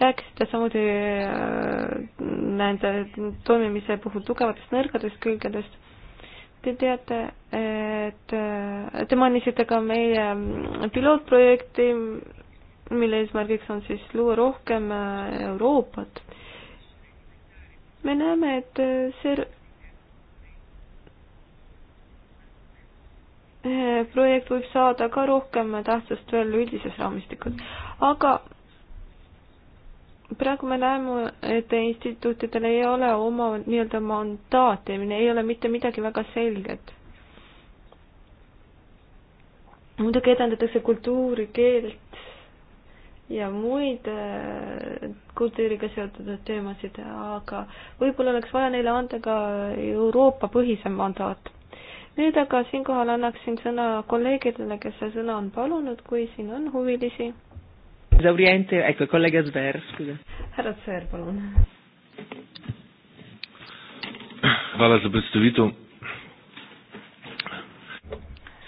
rääkisite samuti nende toimimise puhul tugevatest nõrgadest külgedest te teate, et äh, te mainisite ka meie mm, pilootprojekti, mille eesmärgiks on siis luua rohkem äh, Euroopat. me näeme, et äh, see projekt võib saada ka rohkem tähtsust veel üldises raamistikus, aga praegu me näeme, et instituutidel ei ole oma nii-öelda mandaati, ei ole mitte midagi väga selget. muidugi edendatakse kultuuri, keelt ja muid äh, kultuuriga seotud teemasid, aga võib-olla oleks vaja neile anda ka Euroopa-põhisem mandaat. nüüd aga siinkohal annaksin sõna kolleegidele, kes sõna on palunud, kui siin on huvilisi Da Oriente, ecco, kolleeg Zver, scusa. härra Zver, palun. Hvala za predstavitev.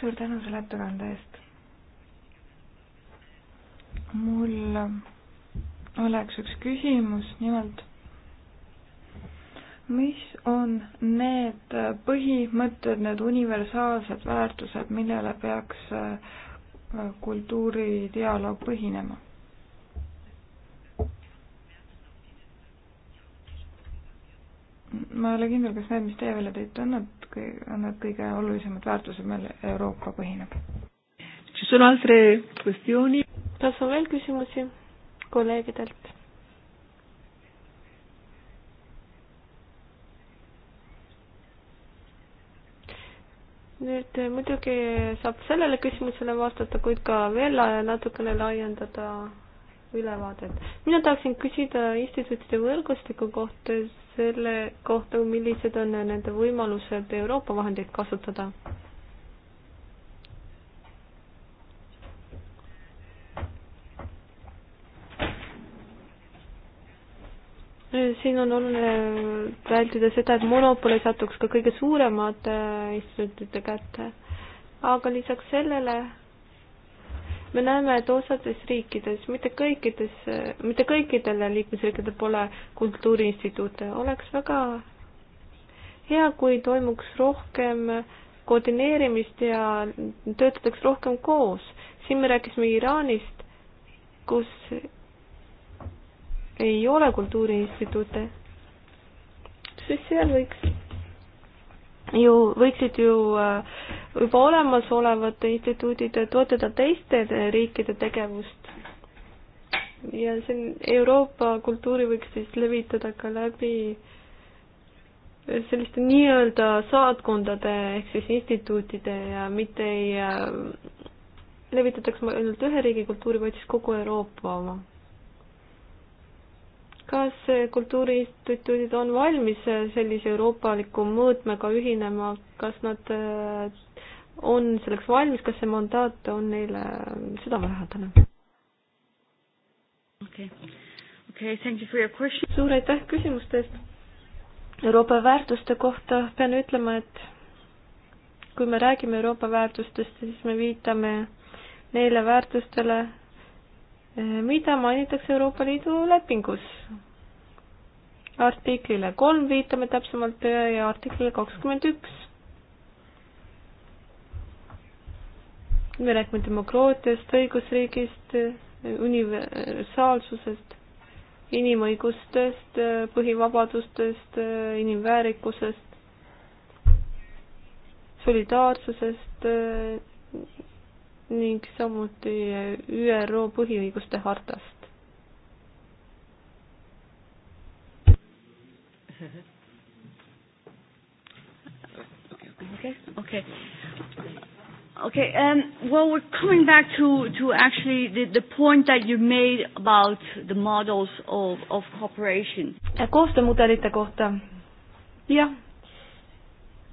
suur tänu selle ettekande eest. mul oleks üks küsimus, nimelt mis on need põhimõtted, need universaalsed väärtused, millele peaks kultuuridialoog põhinema? ma ei ole kindel, kas need, mis teie välja tõite, on nad, on need kõige olulisemad väärtused, millel Euroopa põhineb. kas on veel küsimusi kolleegidelt? nüüd eh, muidugi saab sellele küsimusele vastata, kuid ka veel natukene laiendada ülevaadet. mina tahaksin küsida instituutide võrgustiku kohta, selle kohta, millised on nende võimalused Euroopa vahendeid kasutada. siin on oluline vältida seda, et monopol ei satuks ka kõige suuremate instituutide kätte. aga lisaks sellele me näeme, et osades riikides, mitte kõikides, mitte kõikidel liikmesriikidel pole kultuuriinstituute, oleks väga hea, kui toimuks rohkem koordineerimist ja töötataks rohkem koos. siin me rääkisime Iraanist, kus ei ole kultuuriinstituute, siis seal võiks ju võiksid ju äh, juba olemasolevad instituudid toetada teiste riikide tegevust. ja siin Euroopa kultuuri võiks siis levitada ka läbi selliste nii-öelda saatkondade ehk siis instituutide ja mitte ei äh, levitataks ainult ühe riigi kultuuri, vaid siis kogu Euroopa oma kas eh, kultuuriinstituudid on valmis eh, sellise euroopaliku mõõtmega ühinema, kas nad eh, on selleks valmis, kas see mandaat on neile südamelähedane? okei okay., okei okay,, thank you for your question. suur aitäh küsimuste eest. Euroopa väärtuste kohta pean ütlema, et kui me räägime Euroopa väärtustest, siis me viitame neile väärtustele, Äh, mida mainitakse Euroopa Liidu lepingus. artiklile kolm viitame täpsemalt äh, ja artiklile kakskümmend üks. me räägime demokraatiast, õigusriigist, äh, universaalsusest, inimõigustest, põhivabadustest, inimväärikusest, solidaarsusest ning samuti ÜRO põhiõiguste hartast. Okay, okay. Okay, um, well, we're coming back to, to actually the, the point that you made about the models of, of cooperation. koostöömudelite kohta. jah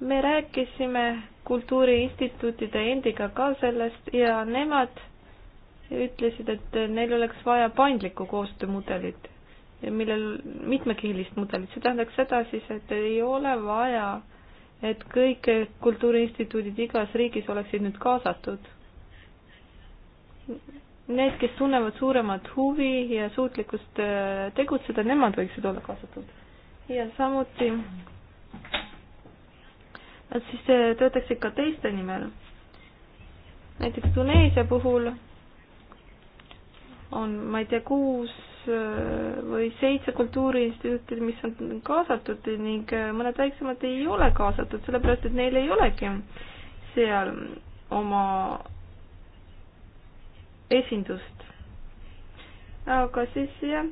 me rääkisime kultuuriinstituutide endiga ka sellest ja nemad ütlesid, et neil oleks vaja paindlikku koostöömudelit, millel mitmekihilist mudelit, see tähendaks seda siis, et ei ole vaja, et kõik kultuuriinstituudid igas riigis oleksid nüüd kaasatud. Need, kes tunnevad suuremat huvi ja suutlikkust äh, tegutseda, nemad võiksid olla kaasatud. ja samuti et siis töötaksid ka teiste nimel. näiteks Tuneesia puhul on, ma ei tea, kuus äh, või seitse kultuuriinstituuti, mis on kaasatud ning äh, mõned väiksemad ei ole kaasatud, sellepärast et neil ei olegi seal oma esindust. aga siis jah,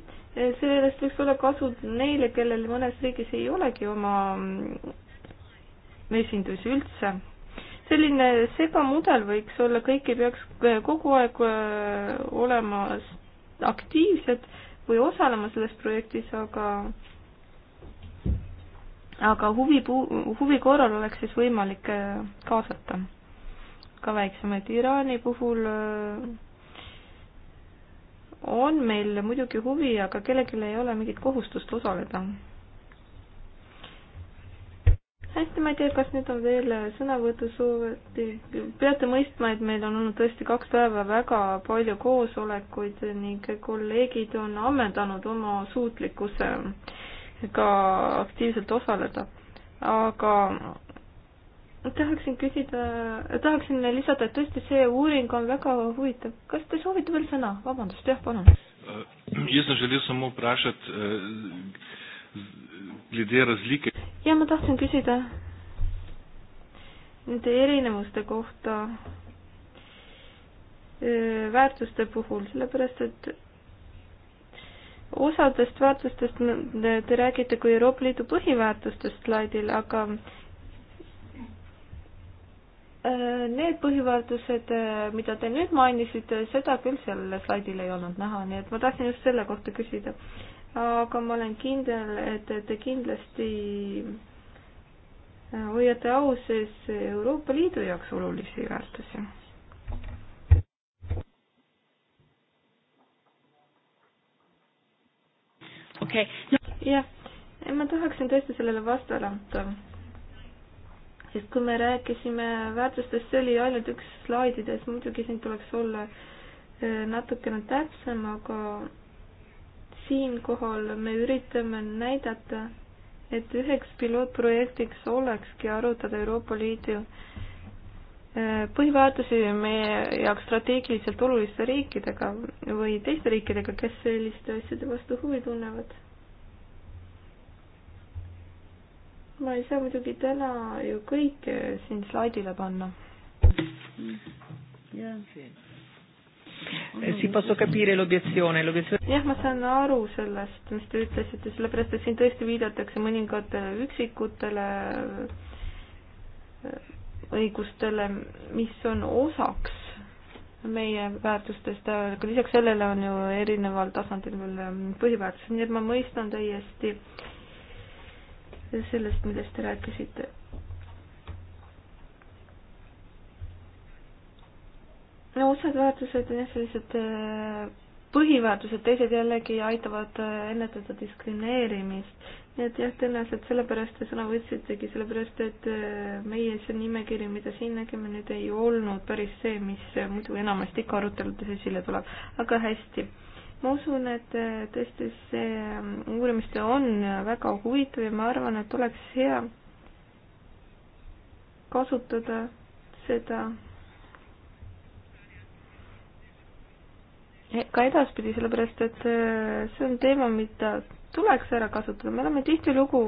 sellest võiks olla kasu neile, kellel mõnes riigis ei olegi oma mm, mesindusi üldse. selline segamudel võiks olla, kõik ei peaks eh, kogu aeg eh, olema aktiivsed või osalema selles projektis, aga aga huvi puu-, huvi korral oleks siis võimalik eh, kaasata ka väiksemaid. Iraani puhul on meil muidugi huvi, aga kellelgi ei ole mingit kohustust osaleda hästi, ma ei tea, kas nüüd on veel äh, sõnavõtusoove, peate mõistma, et meil on olnud tõesti kaks päeva väga palju koosolekuid ning kolleegid on ammendanud oma suutlikkuse äh, ka aktiivselt osaleda. aga tahaksin küsida, äh, tahaksin lisada, et tõesti see uuring on väga huvitav. kas te soovite veel sõna? vabandust, jah, palun ja ma tahtsin küsida nende erinevuste kohta väärtuste puhul, sellepärast et osadest väärtustest te räägite kui Euroopa Liidu põhiväärtustest slaidil, aga need põhiväärtused, mida te nüüd mainisite, seda küll seal slaidil ei olnud näha, nii et ma tahtsin just selle kohta küsida aga ma olen kindel, et te kindlasti äh, hoiate au sees Euroopa Liidu jaoks olulisi väärtusi. okei okay. no.. jah, ma tahaksin tõesti sellele vastata sest kui me rääkisime väärtustest, see oli ainult üks slaidides, muidugi siin tuleks olla äh, natukene täpsem, aga siinkohal me üritame näidata, et üheks pilootprojektiks olekski arutada Euroopa Liidu äh, põhiväärtusi meie jaoks strateegiliselt oluliste riikidega või teiste riikidega, kes selliste asjade vastu huvi tunnevad. ma ei saa muidugi täna ju kõike siin slaidile panna. Mm. jah Eh, si posso capire l'obiezione, l'obiezione. jah, ma saan aru sellest, mis te ütlesite, sellepärast et siin tõesti viidatakse mõningatele üksikutele eh, õigustele, mis on osaks meie väärtustest, aga lisaks sellele on ju erineval tasandil veel eh, põhiväärtused, nii et ma mõistan täiesti sellest, millest te rääkisite no osad väärtused on jah, sellised äh, põhiväärtused, teised jällegi aitavad äh, ennetada diskrimineerimist. nii et jah, tõenäoliselt sellepärast te sõna võtsitegi, sellepärast et äh, meie see nimekiri, mida siin nägime, nüüd ei olnud päris see, mis muidu enamasti ikka aruteludes esile tuleb, aga hästi ma usun, et tõesti see uurimistöö on väga huvitav ja ma arvan, et oleks hea kasutada seda Eh, ka edaspidi, sellepärast et eh, see on teema, mida tuleks ära kasutada, me oleme tihtilugu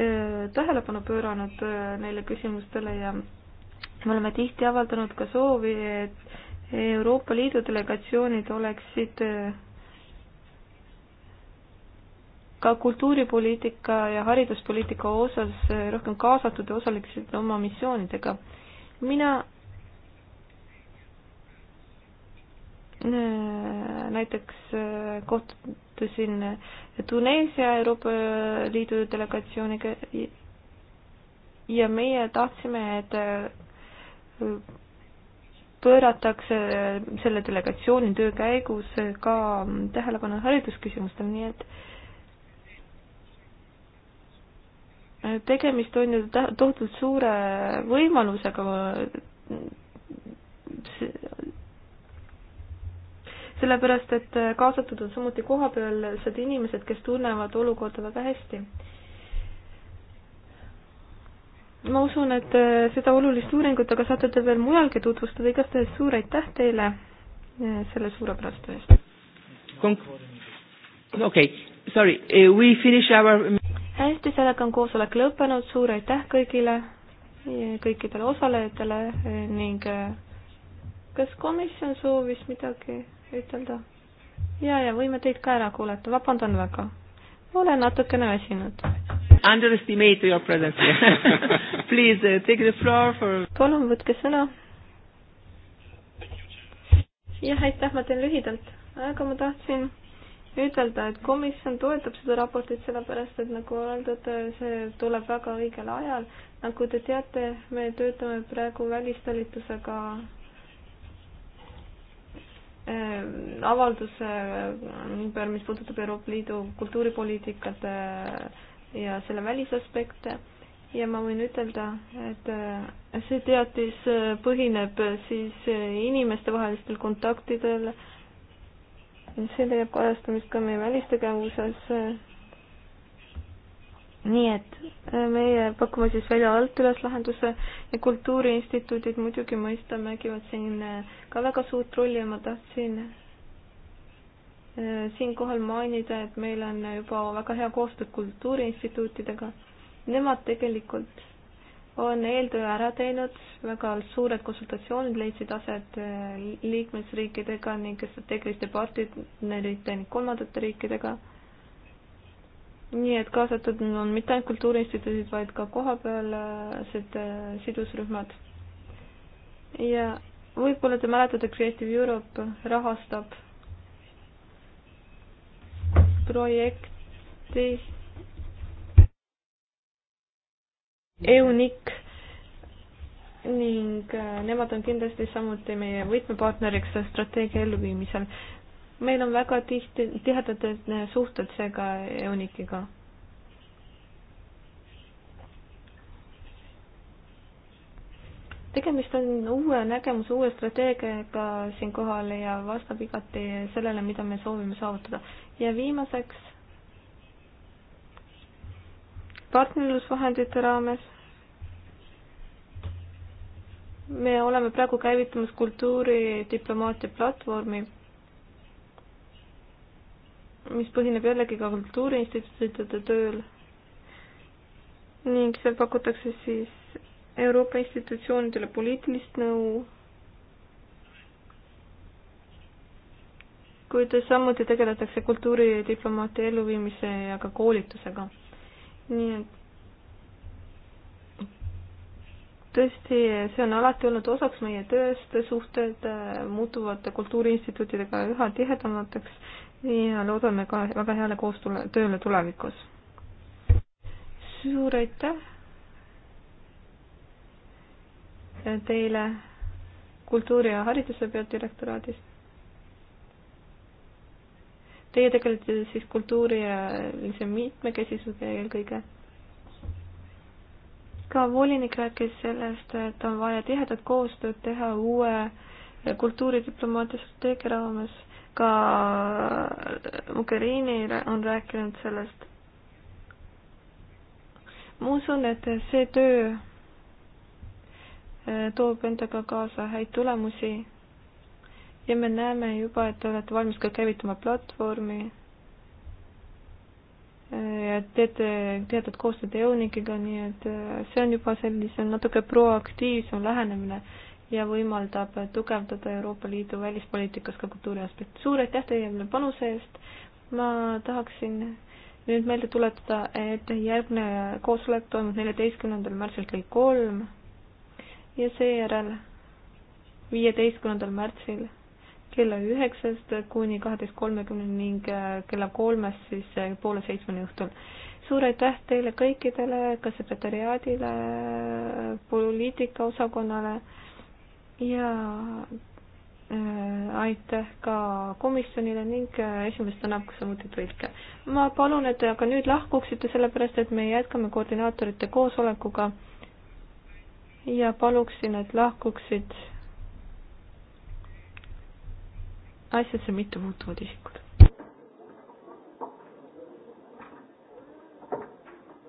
eh, tähelepanu pööranud neile küsimustele ja me oleme tihti avaldanud ka soovi, et Euroopa Liidu delegatsioonid oleksid ka kultuuripoliitika ja hariduspoliitika osas rohkem kaasatud ja osaleksid oma missioonidega. mina Äh, näiteks äh, kohtusin Tuneesia Euroopa Liidu delegatsiooniga ja meie tahtsime, et äh, pööratakse selle delegatsiooni töö käigus ka mm, tähelepanu haridusküsimustele, nii et tegemist on ju tohutult suure võimalusega sellepärast et kaasatud on samuti kohapealsed inimesed, kes tunnevad olukorda väga hästi. ma usun, et seda olulist uuringut aga saate te veel mujalgi tutvustada, igastahes suur aitäh teile selle suurepärast eest. okei okay., sorry, eh, we finish our hästi, sellega on koosolek lõppenud, suur aitäh kõigile, kõikidele osalejatele ning kas komisjon soovis midagi? ütelda? ja, ja võime teid ka ära kuulata, vabandan väga. olen natukene väsinud. Underestimate your presence here Please uh, take the floor for. palun võtke sõna. jah, aitäh, ma teen lühidalt, aga ma tahtsin ütelda, et komisjon toetab seda raportit sellepärast, et nagu öeldud, see tuleb väga õigel ajal. nagu te teate, me töötame praegu välistalitusega Ehm, avalduse ümber, äh, mis puudutab Euroopa Liidu kultuuripoliitikat äh, ja selle välisaspekte ja ma võin ütelda, et äh, see teatis põhineb siis inimestevahelistel kontaktidel. see leiab kajastamist ka meie välistegevuses nii et äh, meie pakume siis välja alt üles lahenduse ja kultuuriinstituudid muidugi mõista mängivad siin äh, ka väga suurt rolli ja ma tahtsin äh, siinkohal mainida, et meil on juba väga hea koostöö kultuuriinstituutidega. Nemad tegelikult on eeltöö ära teinud, väga suured konsultatsioonid leidsid aset liikmesriikidega ning strateegiliste partneritega ning kolmandate riikidega nii et kaasatud on mitte ainult kultuuriinstituudid, vaid ka kohapealsed äh, sidusrühmad. ja võib-olla te mäletate, Creative Europe rahastab projekti EUNIC ning äh, nemad on kindlasti samuti meie võtmepartneriks strateegia elluviimisel meil on väga tihti, tihedad äh, suhted seega EONIK-iga. tegemist on uue nägemuse, uue strateegiaga siinkohal ja vastab igati sellele, mida me soovime saavutada. ja viimaseks partnerlusvahendite raames me oleme praegu käivitamas kultuuridiplomaatia platvormi mis põhineb jällegi ka kultuuriinstituutide tööl ning seal pakutakse siis Euroopa institutsioonidele poliitilist nõu, kuid samuti tegeletakse kultuuridiplomaatia elluviimise ja ka koolitusega. nii et tõesti, see on alati olnud osaks meie tööst, suhted muutuvad kultuuriinstituutidega üha tihedamateks ja loodame ka väga heale koostule, tööle tulevikus. suur aitäh teile kultuuri- ja hariduse peadirektoraadist. Teie tegelete siis kultuuri ja mitmekesisusega eelkõige? ka volinik rääkis sellest, et on vaja tihedat koostööd teha uue kultuuridiplomaatia strateegia raames ka Mogherini on rääkinud sellest. ma usun, et see töö äh, toob endaga kaasa häid tulemusi ja me näeme juba, et te olete valmis ka käivitama platvormi. Äh, teete teatud koostööd EUNIC-iga, nii et äh, see on juba sellise natuke proaktiivsem lähenemine ja võimaldab tugevdada Euroopa Liidu välispoliitikas ka kultuuri aspekti. suur aitäh teie panuse eest, ma tahaksin nüüd meelde tuletada, et järgmine koosolek toimub neljateistkümnendal märtsil kell kolm ja seejärel viieteistkümnendal märtsil kella üheksast kuni kaheteist kolmekümneni ning kella kolmest siis poole seitsmeni õhtul. suur aitäh teile kõikidele, ka sekretäriaadile, poliitikaosakonnale ja äh, aitäh ka komisjonile ning äh, esimest tänab samuti tõlke. ma palun, et te aga nüüd lahkuksite, sellepärast et me jätkame koordinaatorite koosolekuga ja paluksin, et lahkuksid asjasse mittepuutuvad isikud.